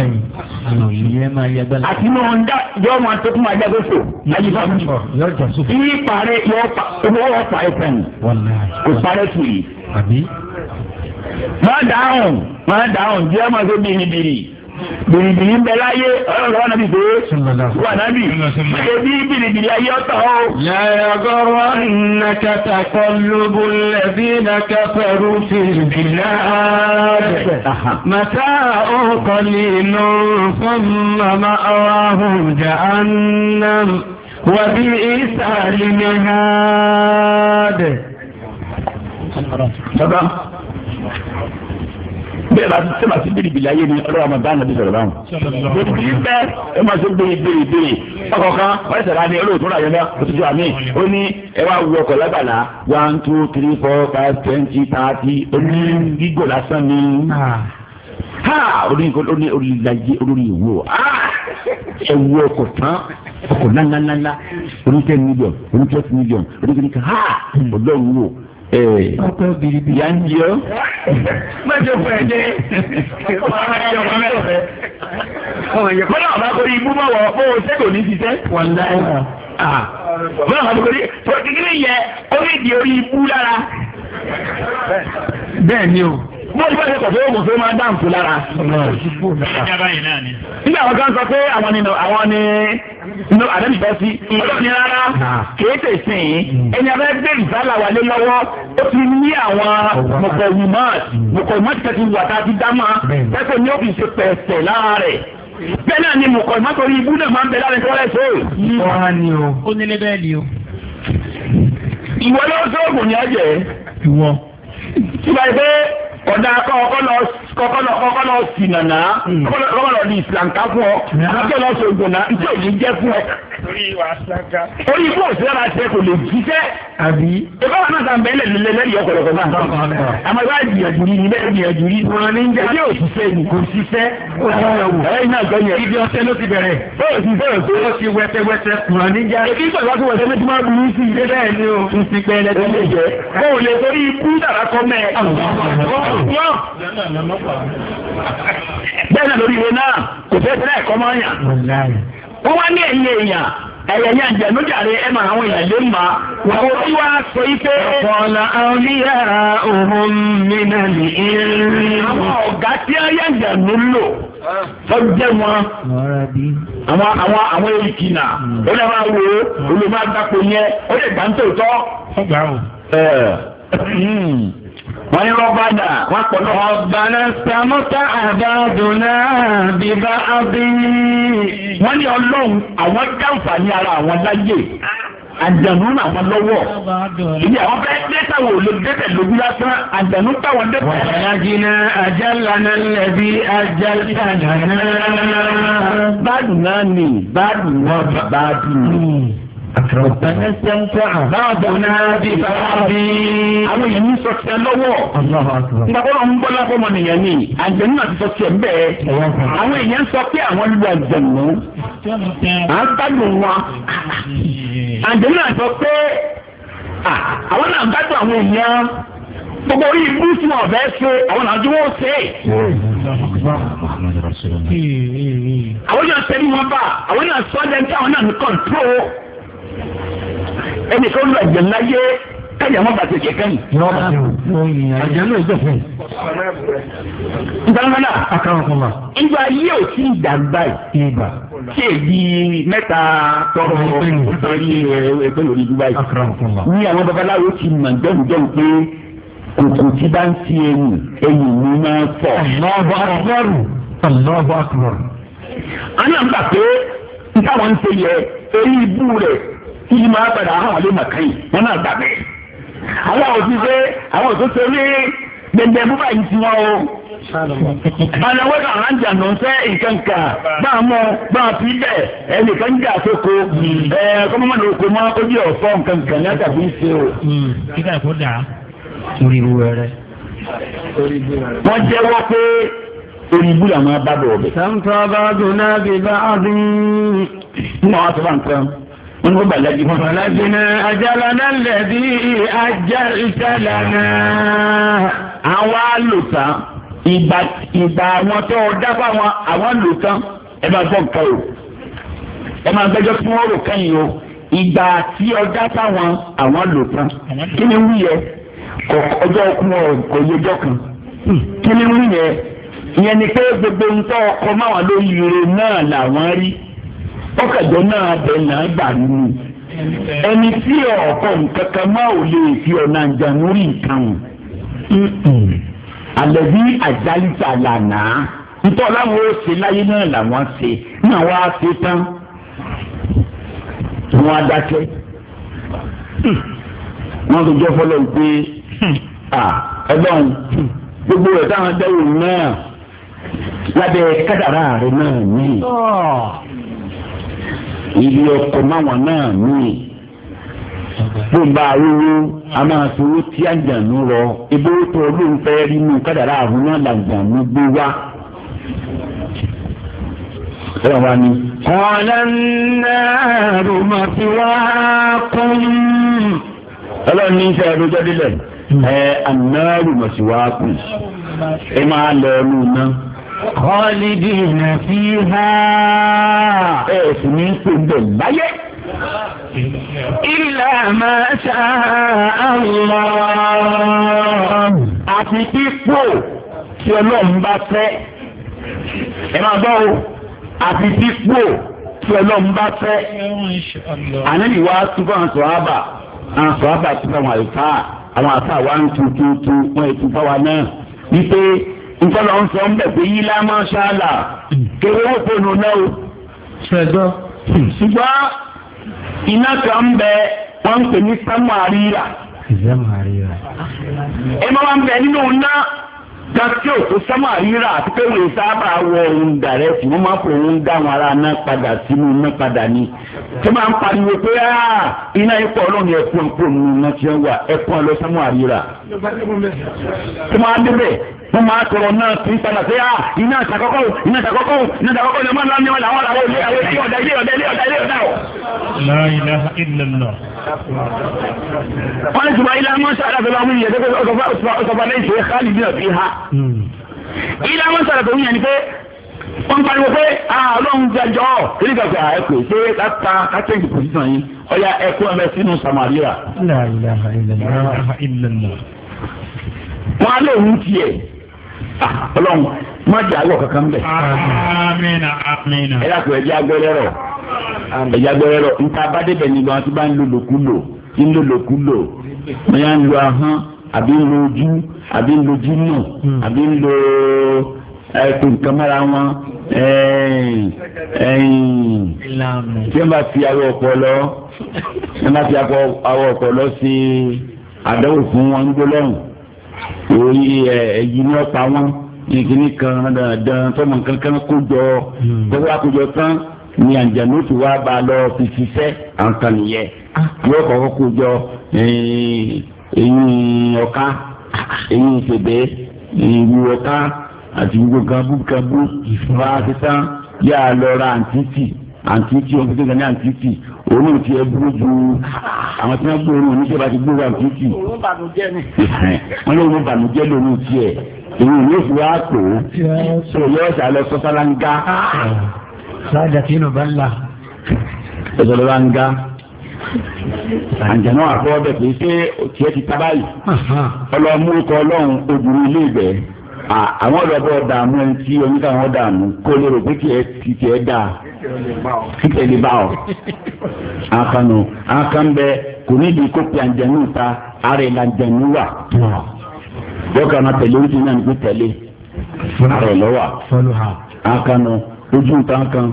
yìí ìyẹn máa yẹ gbẹlẹ. àti mọ ọ̀n dá yóò máa tó kó máa jẹ́ gbèsè láyé bá mi. yóò jà sókè. bí parẹ́ yóò pa owó pa ẹ̀fẹ̀ mi. kò parẹ́ tù yìí. àbí. má dáhùn má dáhùn jẹ́ ọmọ tó bìrìbìrì. bìrìbìrì ń bẹ láyé ọlọ́run wà nábì pé wà nábì ebi bìrìbìrì ayé ọ̀tọ̀ o. yàgòrò nàkà takọ lóbu lẹbi nàkà pẹ̀lú fìlìbìlà màtá òkò nínú fún màmá ọ̀hún jà ánà wàbí ìsàlì mẹ́hàdẹ̀. bẹ́ẹ̀ bá ṣe máa ṣe bèrè ayé ni ọlọ́wọ́ máa bá àná bí sọ̀rọ̀ báwọn. òbí bẹ́ ẹ máa ṣe bèrè bèrè bèrè ọkọ̀ kan wọ́n ṣẹ̀dá ni olóòtú rà yọ̀dá òtútù àmì ó ní ẹ wá wọ ọkọ̀ lágbàlá one two three four five twenty thirty oní gígò lásán ni ah. ha oní oní olùlàjì olórí ìwò ah! ẹ wọ ọkọ̀ tán ọkọ̀ ńláńláńlá oní ten million oní twelve million oní kìnnìkan ha ọlọ́run yanjọ. mọ̀jọ fún ẹ jẹ́ ọmọdé ọmọ mẹ́fẹ́. kọ́lá ọ̀bá kò ní ibú mọ̀ wọ̀ fún oṣù kò ní ṣiṣẹ́. wọ́n dá kò ní tó kékeré yẹ orí ìdí orí ibú lára. bẹ́ẹ̀ ni o wọ́n ti bá ṣe kọ̀fẹ́ òògùn tó máa ń dáǹkù lára. nígbà àwọn kan sọ pé àwọn ni àwọn ni no àdébì bọ́ sí ọlọ́run ní rárá kìí tèsìn ẹni abẹ́rẹ́ gbé ìsálà wálé lọ́wọ́ ó ti ní àwọn mọ̀kọ̀wìmọ́ọ̀t mọ̀kọ̀wìmọ́ọ̀t tẹ̀sí wà tá a ti dá máa tẹ́sẹ̀ ni ó fi ṣe pẹ̀sẹ̀ lára rẹ̀ bẹ́ẹ̀ náà ni mọ̀kọ̀wìmọ́ ibú náà máa ń bẹ lára ìṣọ́lẹ̀ ọ̀dà akọ́ ọkọ́ lọ kọkọlọ kọkọlọ sì nànà kọkọlọ di ìsìlànká fún ọ hmm. kọkọlọ lọ sọ ògùnà ntí òní jẹ fún ẹ. orí ikú òsì lára ṣe kò lè jíṣẹ́. àbí. ìfọwọ́ náà sàn bẹ́ẹ̀ lè lè lẹ́yìn ọ̀pọ̀lọpọ̀ náà. àmọ́ ìwà ìgbìyànjú rí ni bẹ́ẹ̀ gbìyànjú rí. wọn ní jẹ́ bí òṣìṣẹ́ ni kò ṣiṣẹ́ ó ti rẹ̀ wò. ẹ̀yin náà gbọ́ yẹn. ibi ọ̀sẹ̀ ló ti bẹ̀rẹ̀. bẹ́ẹ̀ sì bẹ́ẹ̀ tó ó ti wẹ́tẹ́wẹ́tẹ́ kùnà ni n ti pẹ́ ẹlẹ́tí bẹ́ẹ̀ náà lórí ìwé náà kò fẹ́ tẹ́lẹ̀ ẹ̀kọ́ máa yàn. wọ́n wá ní ẹ̀yìn èèyàn ẹ̀yẹ̀ ní àjẹ̀nújàre ẹ̀ máa àwọn èèyàn lé mà. wọ́n wá sọ yí pé. òun mi náà ní àwọn ọ̀gá tí lò wọn. àwọn àwọn àwọn náà ó lè wo olùmọ̀ àgbàpọ̀ yẹn ó lè gbà ń tòótọ́. wọ́n ní rọ́bàdà wọ́n pọ̀ lọ́wọ́. ọ̀bàlẹ̀ sàmọ́tà àbádùnà bíbá abí. wọ́n ní ọlọ́run àwọn jàǹfààní ara àwọn láyè àjànú làwọn lọ́wọ́ ìdí àwọn fẹ́ dé táwọn ò lè débẹ̀ lójú lásán àjànú táwọn débẹ̀. wàlájínà àjálànà lẹ́bí àjálànà. báàdùn náà nì báàdùn náà bàbá Fẹ̀sẹ̀ntẹ́ àbábọ̀nà bí bàbí. Àwọn èèyàn ní sọ̀tẹ̀ lọ́wọ́. Ìgbàgbọ́ ń bọ́ lápò mọ nìyẹn ni. Àjẹ̀nú náà ti sọ̀tẹ̀ ń bẹ̀. Àwọn èèyàn sọ pé àwọn lu àjẹ̀nú. À ń gbádùn Gbogbo orí ibú tí wọn fẹ́ ṣe àwọn àjọ wọn ṣe. Àwọn yóò ṣe ní wọn bá àwọn yóò sọ ọ́ dẹ́ntẹ́ àwọn náà ní kọ̀ǹtró ẹni tó lọ ẹ̀jẹ̀ láyé káyà má bàtẹ kẹ̀kẹ́ yìí. àjẹ́ ló jẹ́ fún mi. ìgbàlódé náà. akáwọn kan ma. ìgbà yé ò tí ì dàgbà yìí. ìgbà. tí èyí mẹ́ta tọrọ lórí ẹgbẹ́ lórí dubai. akáwọn kan ma. ní àwọn babaláwo ti mọ̀ jẹ́rùjẹ́rù pé kòkò tí bá ń fi ẹyìn ẹyìn mi máa fọ. ọlọ́ọ̀bù akọrù. a náà ń gbà pé nítawọn ń ṣe yẹ eré ibú rẹ̀ tí yìí máa padà hàn ló màkà yìí wọn náà gbà bẹ́ẹ̀. àwọn òsì pé àwọn òsì tó ní gbẹgbẹ búba yìí ti wọn o. àwọn ẹwẹ́ kan á ń jà nù sẹ́ ìkànkà bá a mọ bá a fi bẹ̀ ẹnìkan jà sóko ẹ kọ́mọ́mọ́ ní oko máa kójú ọ̀fọ́ nkankan ní àtàkùn ìṣe o. kíkà ẹ̀kọ́ dà orí ibu rẹ. wọ́n jẹ́wọ́ pé orí ibu làwọn bá bọ̀ ọ̀bẹ. sàǹtà bá dùn náà bí bá a dín. mo máa wá sọ fún àǹkan wọ́n ní wọ́n gbà lájú wọn. ọ̀làjìnà àjàlánà lẹ́bí ajá ìṣàlànà. àwa lò tán ìgbà ìgbà àwọn tó dábàá wọn àwọn lò tán ẹ máa gbọ́ nǹkan o ẹ máa gbẹ́jọ́ tí wọ́n rò kẹ́yìn o ìgbà tí ọjà táwọn àwọn lò tán kí ni wí yẹ ọjọ́ ọkùn ọ̀kọ̀ yẹjọ́ kan kí ni wí yẹ ìyẹn ni pé gbogbo nǹkan ọkọ̀ máwọn lórí ire náà làwọn rí ọkàjọ náà bẹ̀ náà gbà nínú ẹni tí ọ̀pọ̀ nǹkan kan máa ò lè fi ọ̀nà àjànú rí nǹkan àlẹ́bí àjálìta lànà nítorí láwọn ó ṣe láyé náà làwọn ṣe náà wá ṣe tán wọn á dákẹ́ wọn tó jẹ́ fọlọ́ pé ẹgbọ́n gbogbo rẹ̀ táwọn dẹ́wò náà lábẹ́ kádàrá rẹ̀ náà ní. Ibi ọkọ máwọn náà míì bó arúgbó a máa sanwó tí àjànú rọ ebó tó rí mú kádàrá àrùn náà gbé wá. wa ni. fi wá Ọlọ́run ní wá Ẹ máa lọ khalidina fiha ẹ̀ sì ní í pè bẹ́ẹ̀ láyé. Ilà máa ṣá àlọ́. Àti pípò tí ọlọ́run bá fẹ́. Ẹ máa gbọ́ o, àti pípò tí ọlọ́run bá fẹ́. Ànábì wa túbọ̀ àwọn sọ̀hábà, àwọn sọ̀hábà túbọ̀ àwọn àlùfáà, àwọn àfáà wa ń tu tu tu wọ́n ètò fáwa náà wípé ntọ́lọ ń sọ ńbẹ pé yí lá máṣá là kéré ó pònú náà o. ṣẹgbọ́. Hmm. ṣùgbọ́n iná kan ń bẹ wọ́n ń pè ní sámúárìrà. sámúárìrà. ẹ máa ń bẹ nínú ná gàtí òkú sámúárìrà àti pé wòye sábà wọ ohun dàrẹ́tì wọ́n máa ń pè ohun dá àwọn ará náà padà sínú iná padà ni. tí máa ń pariwo pé iná ipò ọlọ́run ẹ̀kọ́ ń pò nínú iná tí wọ́n wà ẹ̀kọ́ lọ sámúárìrà. tí máa ń débẹ̀. Ah, wọ́n máa tọrọ náà kì í padà sí iná àtàkọ́kọ́ iná àtàkọ́kọ́ iná àtàkọ́kọ́ ni ọmọ ńlá ní ọ̀là àwọn àwọn ilé àwọn ilé ọ̀dà ilé ọ̀dà ilé ọ̀dà ilé ọ̀dà ọ̀. láìlá ìlànà. wọ́n ní tùbọ̀ ilé amọ́sá alábẹ́lá ọmọ ìyẹn tó ọ̀sọ̀fà lẹ́yìn ṣe káàlì bí ọ̀bí ha. ilé amọ́sá alábẹ́lá ọmọ ìyẹn pé wọ́n pariwo pé ah, ọlọ́run jẹjọ́ ah, wọ́n á lè hùn tiẹ̀ ọlọ́run má jẹ́ àgọ́ kankan bẹ̀. amina amina. ẹ dàpọ̀ ẹ̀jẹ̀ agbẹ́rẹ́rọ̀ ẹ̀jẹ̀ agbẹ́rẹ́rọ̀ nta abádébẹ̀ ni wọn ti bá ń lo lòkulò ti ń lo lòkulò wọn yà ń lo ahọ́n àbí ń lo ojú àbí ń lo jínà àbí ń lo ẹ̀kọ́ nǹkan mọ́ra wọn tí wọ́n bá fi awọ ọpọlọ wọ́n bá fi awọ ọpọlọ sí àdánwò fún wọn ń gbólọ́hùn orí ẹ̀yìn ní ọ̀pá wọn ìkíní kan dandan tọmọ kankan kó jọ tọ́wọ́ hmm. àkójọ tán ni àǹjànú ti wá bá a lọ fi ṣiṣẹ́ àǹkan nìyẹn ah. yóò kọ́kọ́ kó jọ ẹ̀yìn ọ̀ká ẹ̀yìn ìṣèbẹ́ ìlú ọ̀ká àti gbogbo gàbúgàbú ìfúnra ṣetán yà á lọ ra àǹtítì àǹtítì òǹkìtì kan ní àǹtítì òun ò tiẹ̀ burú ju àwọn tí wọ́n gbé òun oníṣẹ́ba ti gbéra òtútù. wọ́n lóun bànújẹ́ lòun tiẹ̀ èyí yóò fi wá tó tó yọ ọ̀sà lọ sọ́sálánga. sáájà tí inú bá ń là. sọ́sálánga àǹjẹ̀nú àkọ́wọ́ bẹ̀ pé ṣé tiẹ̀ ti ta báyìí ọlọ́mú ikọ̀ ọlọ́run obìnrin ilé ìgbẹ́ àwọn ọ̀dọ́ bọ̀ dààmú ẹni tí oníkàwọn dààmú kó lè rò pé tiẹ̀ ti tiẹ̀ dáa kíkẹ́ lè bá ọ. àkànnù àkànbẹ kò ní di kó pe àǹjẹ̀nú ta ara ẹ̀ làǹjẹ̀nú wà. yóò kà máa tẹ̀lé ojú náà nígbè tẹ̀lé ara ẹ̀ lọ́wà. àkànnù ojú nǹkan kan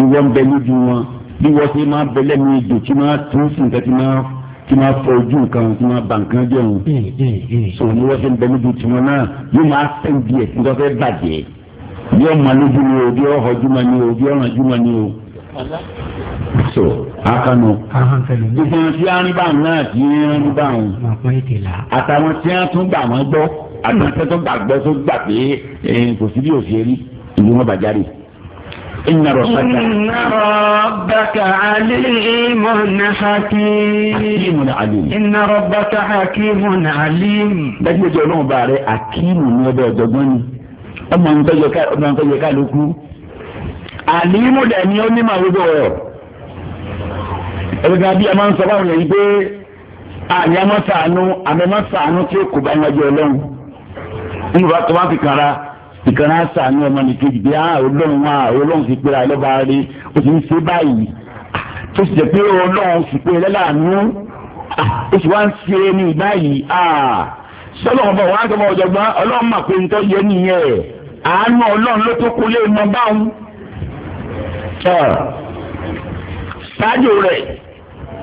ìwọ ń bẹ lójú wọn bí wọ́n ti máa bẹ lẹ́nu ìdò tí máa tún sí nǹkan tí máa tí máa fọ ojú nǹkan tí máa bà nǹkan jẹun. Hmm, hmm, hmm. sọ̀rọ̀ ni wọ́n ti ń bẹ lójú tiwọn náà yóò máa fẹ́ di ẹ̀ tí wọ́n fẹ́ bàjẹ́ bí ọmọ lójú ni o bí ọhọjú ma ni o bí ọrànjú ma ni o so akanu ìfihàn tí a ń bá náà tí a ń bá wọn àtàwọn tí a tún gbà wọn gbọ́ àtàwọn tí a tún gbà gbọ́ tó gbà pé kò sí bí òfin rí ìlú wọn bàjá rè. إن ربك إن ربك عليم حكيم عليم إن ربك حكيم عليم. dájú ẹjọ́ ọlọ́run bá rẹ̀ akíìmù ní ọbẹ̀ ọ̀jọ̀gbọ́n ni ọmọ nǹkan yẹ kálukú àlímù dẹ̀ ni ó ní màá wíwọ̀ rẹ̀ ẹgbẹ́ bí a máa ń sọ báwọn yẹn pé àní a máa sàánú àmì máa sàánú tí ó kò bá yànjọ ọlọ́run nínú bá tó bá fi kàrà ìkàrà sàánú ọmọ nìkejì bí a ah, ọlọ́run wa ọlọ́run fi pé alẹ́ bá rí o sì ń ṣe báyìí tó sì jẹ́ pé ọlọ́run sì pé ẹlẹ́làánú o ah, sì wá ń ṣe ní báyìí ah, sọlọ́wọ́n bọ̀ wọ́n á sọ̀rọ̀ ọ̀jọ̀gbọ́n ọlọ́run mà pé nítorí yẹn nìyẹn ẹ̀ àánú ọlọ́run ló tó kú lé mọ báwọn. ṣáájú rẹ̀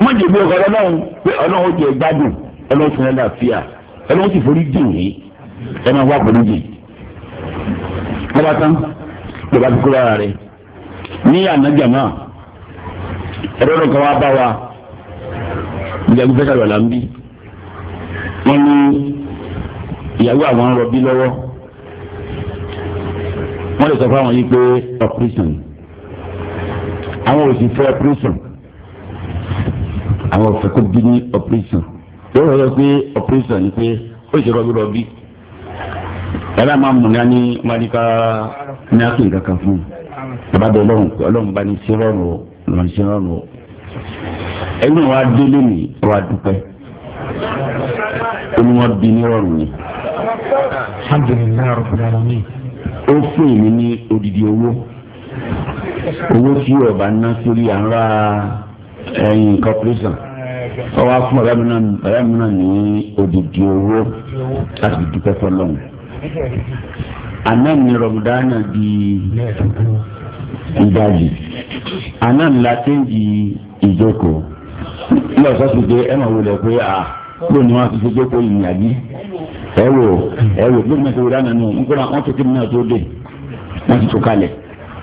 wọ́n jèbi ọ̀gá ọlọ́run pé ọlọ́run jẹ gbádùn ọlọ́run fún ẹ láàfíà ọlọ́run sì forí wá tán tó lára ní ànájà náà ẹ̀rọ wá wa fẹ́ ìyàwó àwọn ń rọbí lọ́wọ́ wọ́n lè sọ fún àwọn yìí pé operation àwọn ò sì fẹ́ operation àwọn ò fẹ́ kó bí ní operation yóò wọ́n yẹ pé operation ni pé ó sì rọbí rọbí ẹ̀rọ àmọ́ àmúná ní mọ́líkà ní akéwì kankan fún un bàbá bẹ ọlọ́run ọlọ́run bá ní sí lọ́n sí rọrùn wa délé mi wa dúpẹ́ ó ní wọ́n bí nírọ̀rùn ni. alhamdulilayi rabbil alamin. ó fún èmi ní odidi owó owó tí ọba ná sórí àrà ẹyin corporation ọwọ́ fún ọ̀rẹ́ mi náà ní odidi owó láti dúpẹ́ fọlọ́run. àná ni rọ̀mùdánà di ìdajì àná ńlá téèjì ìjókòó ilé ọ̀sán ti dé ẹ máa wulẹ̀ pé a kúrò ní wọn ti fi jókòó yìnyín àbí ẹ wò ẹ wò bí mo ti wò dáná nù nígbà wọn tó kébìnrin náà tó dé wọn ti tó kalẹ̀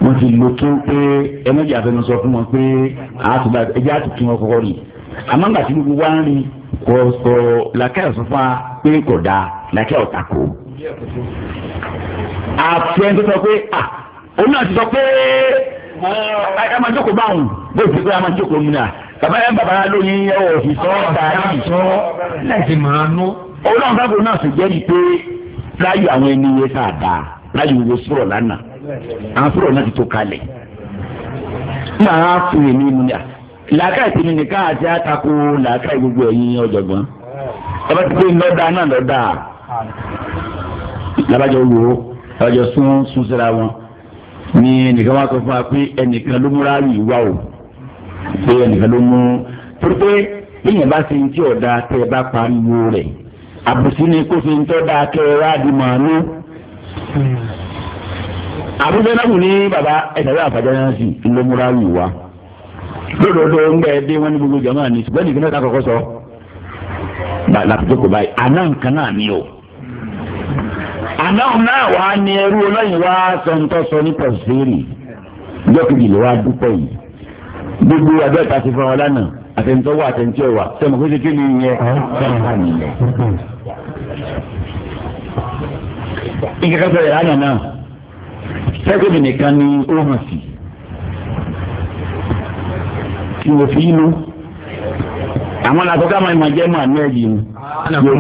wọn ti lo tó pé ẹ méjì àfẹnusọ fún wọn pé àtúbà ẹjẹ àtúntún wọn kọ́kọ́ rí àmọ́ nígbà tí gbogbo wa ń rí kò kò làkẹ́ ọ̀sán fún wa pé kò dáa làkẹ́ ọ̀tà kò. àfẹn tó sọ pé à òun náà ti sọ pé ẹ máa jókòó báwọn bó ti pé ẹ máa jókòó múnà bàbá yẹn bàbá lóyún yẹn ò fi sọ dárí sọ láti máa nú. òun náà bá gbóná sì jẹ́ pé láyò àwọn ẹni yẹn tá a dá láyò wo sọ̀rọ̀ lánàá àwọn sọ̀rọ̀ náà ti tó kalẹ̀. nígbà wọn á fún èmi mu yà làákàyè tèmi nìkan àti àtakò làákàyè gbogbo ẹ̀yin ọ̀jọ̀gbọ́n. bàbá ti pé lọ́dà náà lọ́dà labajọ wo labajọ sún sún síra wọn ni ẹnìkan wá sọ fún wa pé ẹnìkan ló múra yìí wá o pé ẹnìkan ló mú torí pé bíyẹn bá ṣe ń tí ọ̀dà tẹ ẹ bá pariwo rẹ̀ àbùsí ni kó ṣe ń tọ́ da kẹ ẹ ráàdì màánú. àbúrò náà ní bàbá ẹ̀sẹ̀ rẹ̀ àfàjá náà sì ló múra wù wá lódodo ń gbẹ dé wọn ní gbogbo jama ni ṣùgbọ́n nìkan náà kọ́kọ́ sọ làkùtò kò báyìí àná nǹkan náà ni o àná náà wàá ní ẹrú ọlọ́yin wá sọ̀ńtọ́sọ ní pọ̀síìrì jọ́kìjì ló wá dúpọ̀ yìí gbogbo abẹ́ ìta ti fún ọ lánàá àtẹnitọ́ wà àtẹnitọ́ wà sẹ́mu kó ṣe kí ni yẹn sẹ́mu hàn nìyẹn. ìkẹ́kẹ́ sọ̀rọ̀ lánàá náà sẹ́kùnì nìkan ni ó hàn sí tí mo fi inú àwọn làtọ́ ká máa ma jẹ́ manuel yìí ni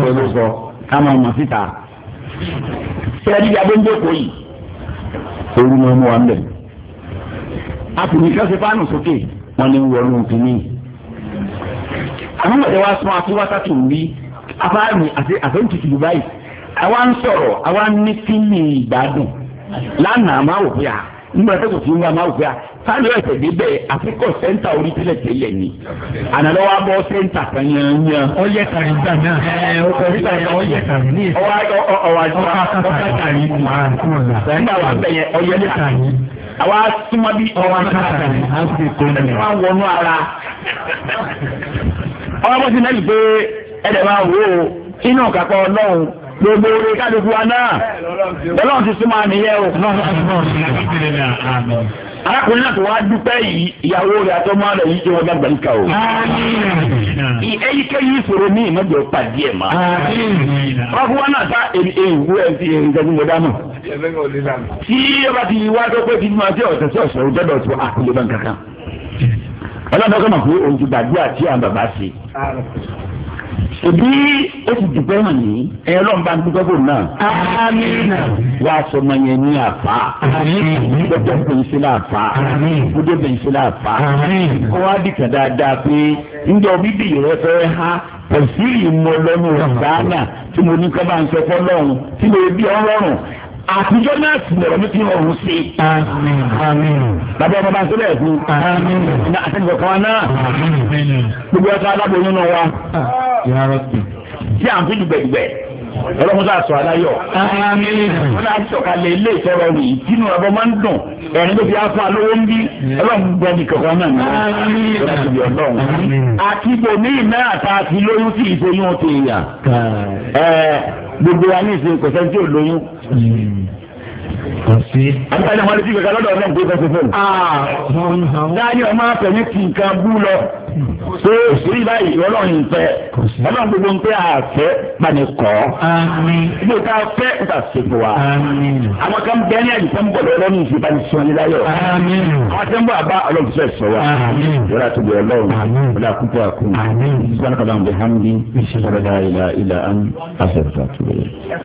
ó lọ sọ ká máa ma síta sẹ́ẹ̀dì ìyàbó ń yìí ooru ni mú wa ń bẹ̀. a kò ní kí wọ́n ṣe wọ́n ní wọlé nkìlì. àwọn ọ̀dẹ̀ sọ àti wákàtí òbí afáàmì àti àfẹ́ǹtìtì dubai àwa ń sọ̀rọ̀ àwa ní fílì ìgbádùn lánàá máa wò pé à nígbà tó kò fi ń wá máa wò pé à sáàlì ọ̀sẹ̀ débẹ̀ àfikọ̀ sẹ́ńtà orí tẹ́lẹ̀ tẹ́lẹ̀ ni ànàlọ́ bọ́ sẹ́ńtà kan yẹn yẹn. ó yẹ kàrí gbà náà ẹ o kò rí kàrí ọ yẹ kàrí ní ìfẹ́ ọwọ́ àjọ ọkà kàrí ní ìfẹ́ nígbà wà bẹ̀yẹ àwa súnmọ́ bí ọmọ náà wà wọnú ara ọmọ bó ti náà gbé ẹ̀dẹ̀ máa wò ó inú kàkọ́ ọlọ́run gbogbo orí kálukú wa náà ọlọ́run ti súnmọ́ àníyẹ́ o. arákùnrin náà tó wá dúpẹ́ yìí ìyàwó rẹ̀ àtọ́mọ́ rẹ̀ yìí jẹ́ wọn bá gbàlíkà o. èyíkéyìí ìṣòro ní ìmọ̀jọ pàdé ẹ̀ mọ́. ọkùnrin wa náà ta ewu ẹ̀ ti nǹkan tí mo dá mọ̀. tí ọba ti wá tó pé kí n máa ṣe ọ̀sẹ̀ sí ọ̀sẹ̀ òjọ́ dọ̀tí àkùnrin bá ń kankan. ọlọ́dọ̀ kọ́nà pé òun ti gbàdúrà tí àwọn bàbá ṣe òbí ó ti dùgbẹ́ hàn ní. ẹ ọlọ́run bá ń dúpẹ́ bò náà. amina. wà á sọ ọmọ yẹn ní àfa. dọ́kítà bẹ̀rẹ̀ sí láàfa. kúndé bẹ̀rẹ̀ sí láàfa. kó wá dìkan dáadáa pé ǹjẹ́ òbí bì rẹ fẹ́ há pẹ̀sìlì mọ́ lọ́nà ọ̀sán náà tí mo ní kọ́ bá ń sọ fọ́ lọ́run tí mo bí ọlọ́run àtijọ́ náà sì lọ̀rọ̀ mi fi hàn òun sí. bàbá ọmọ bá ń sílẹ̀ fún un àtẹnudọ̀ kan náà gbogbo ẹ̀ka aláboyún náà wá tí ah, à ń fi dùgbẹ̀dùgbẹ̀ ọlọ́run sáà sọ aláyọ̀. wọ́n á sọ̀kalẹ̀ ilé ìtọ́rọ rè ìtinú ọ̀bọ máa ń dùn ẹ̀rín tó fi afọ alówó ń bí ọlọ́run gbọ́ kankan náà ní ọlọ́run ọlọ́run. àti ibòmíì náà lóyún sí ìfoyún ti yà gbogbo wa ní ìsìn kò sẹ́ni tí kò sí. àbúrò àwọn ẹlẹ́sìn ìgbẹ́ka lọ́dọ̀ ọlọ́run tó fẹ́ fẹ́. dáàni ọmọ afẹ́mi ti nǹkan bú lọ pé òṣèré báyìí ọlọ́run fẹ́ ọlọ́run gbogbo ń pẹ́ àfẹ́ panikọ́. ibi ká fẹ́ nǹkan ṣe fún wa. àwọn kan bẹ́ẹ̀ ní àyè tó ń bọ̀ lọ́rùn ìṣe bá ní sọ ní láyọ̀. àwọn tó àbá ọlọ́run fẹ́ sọ wa.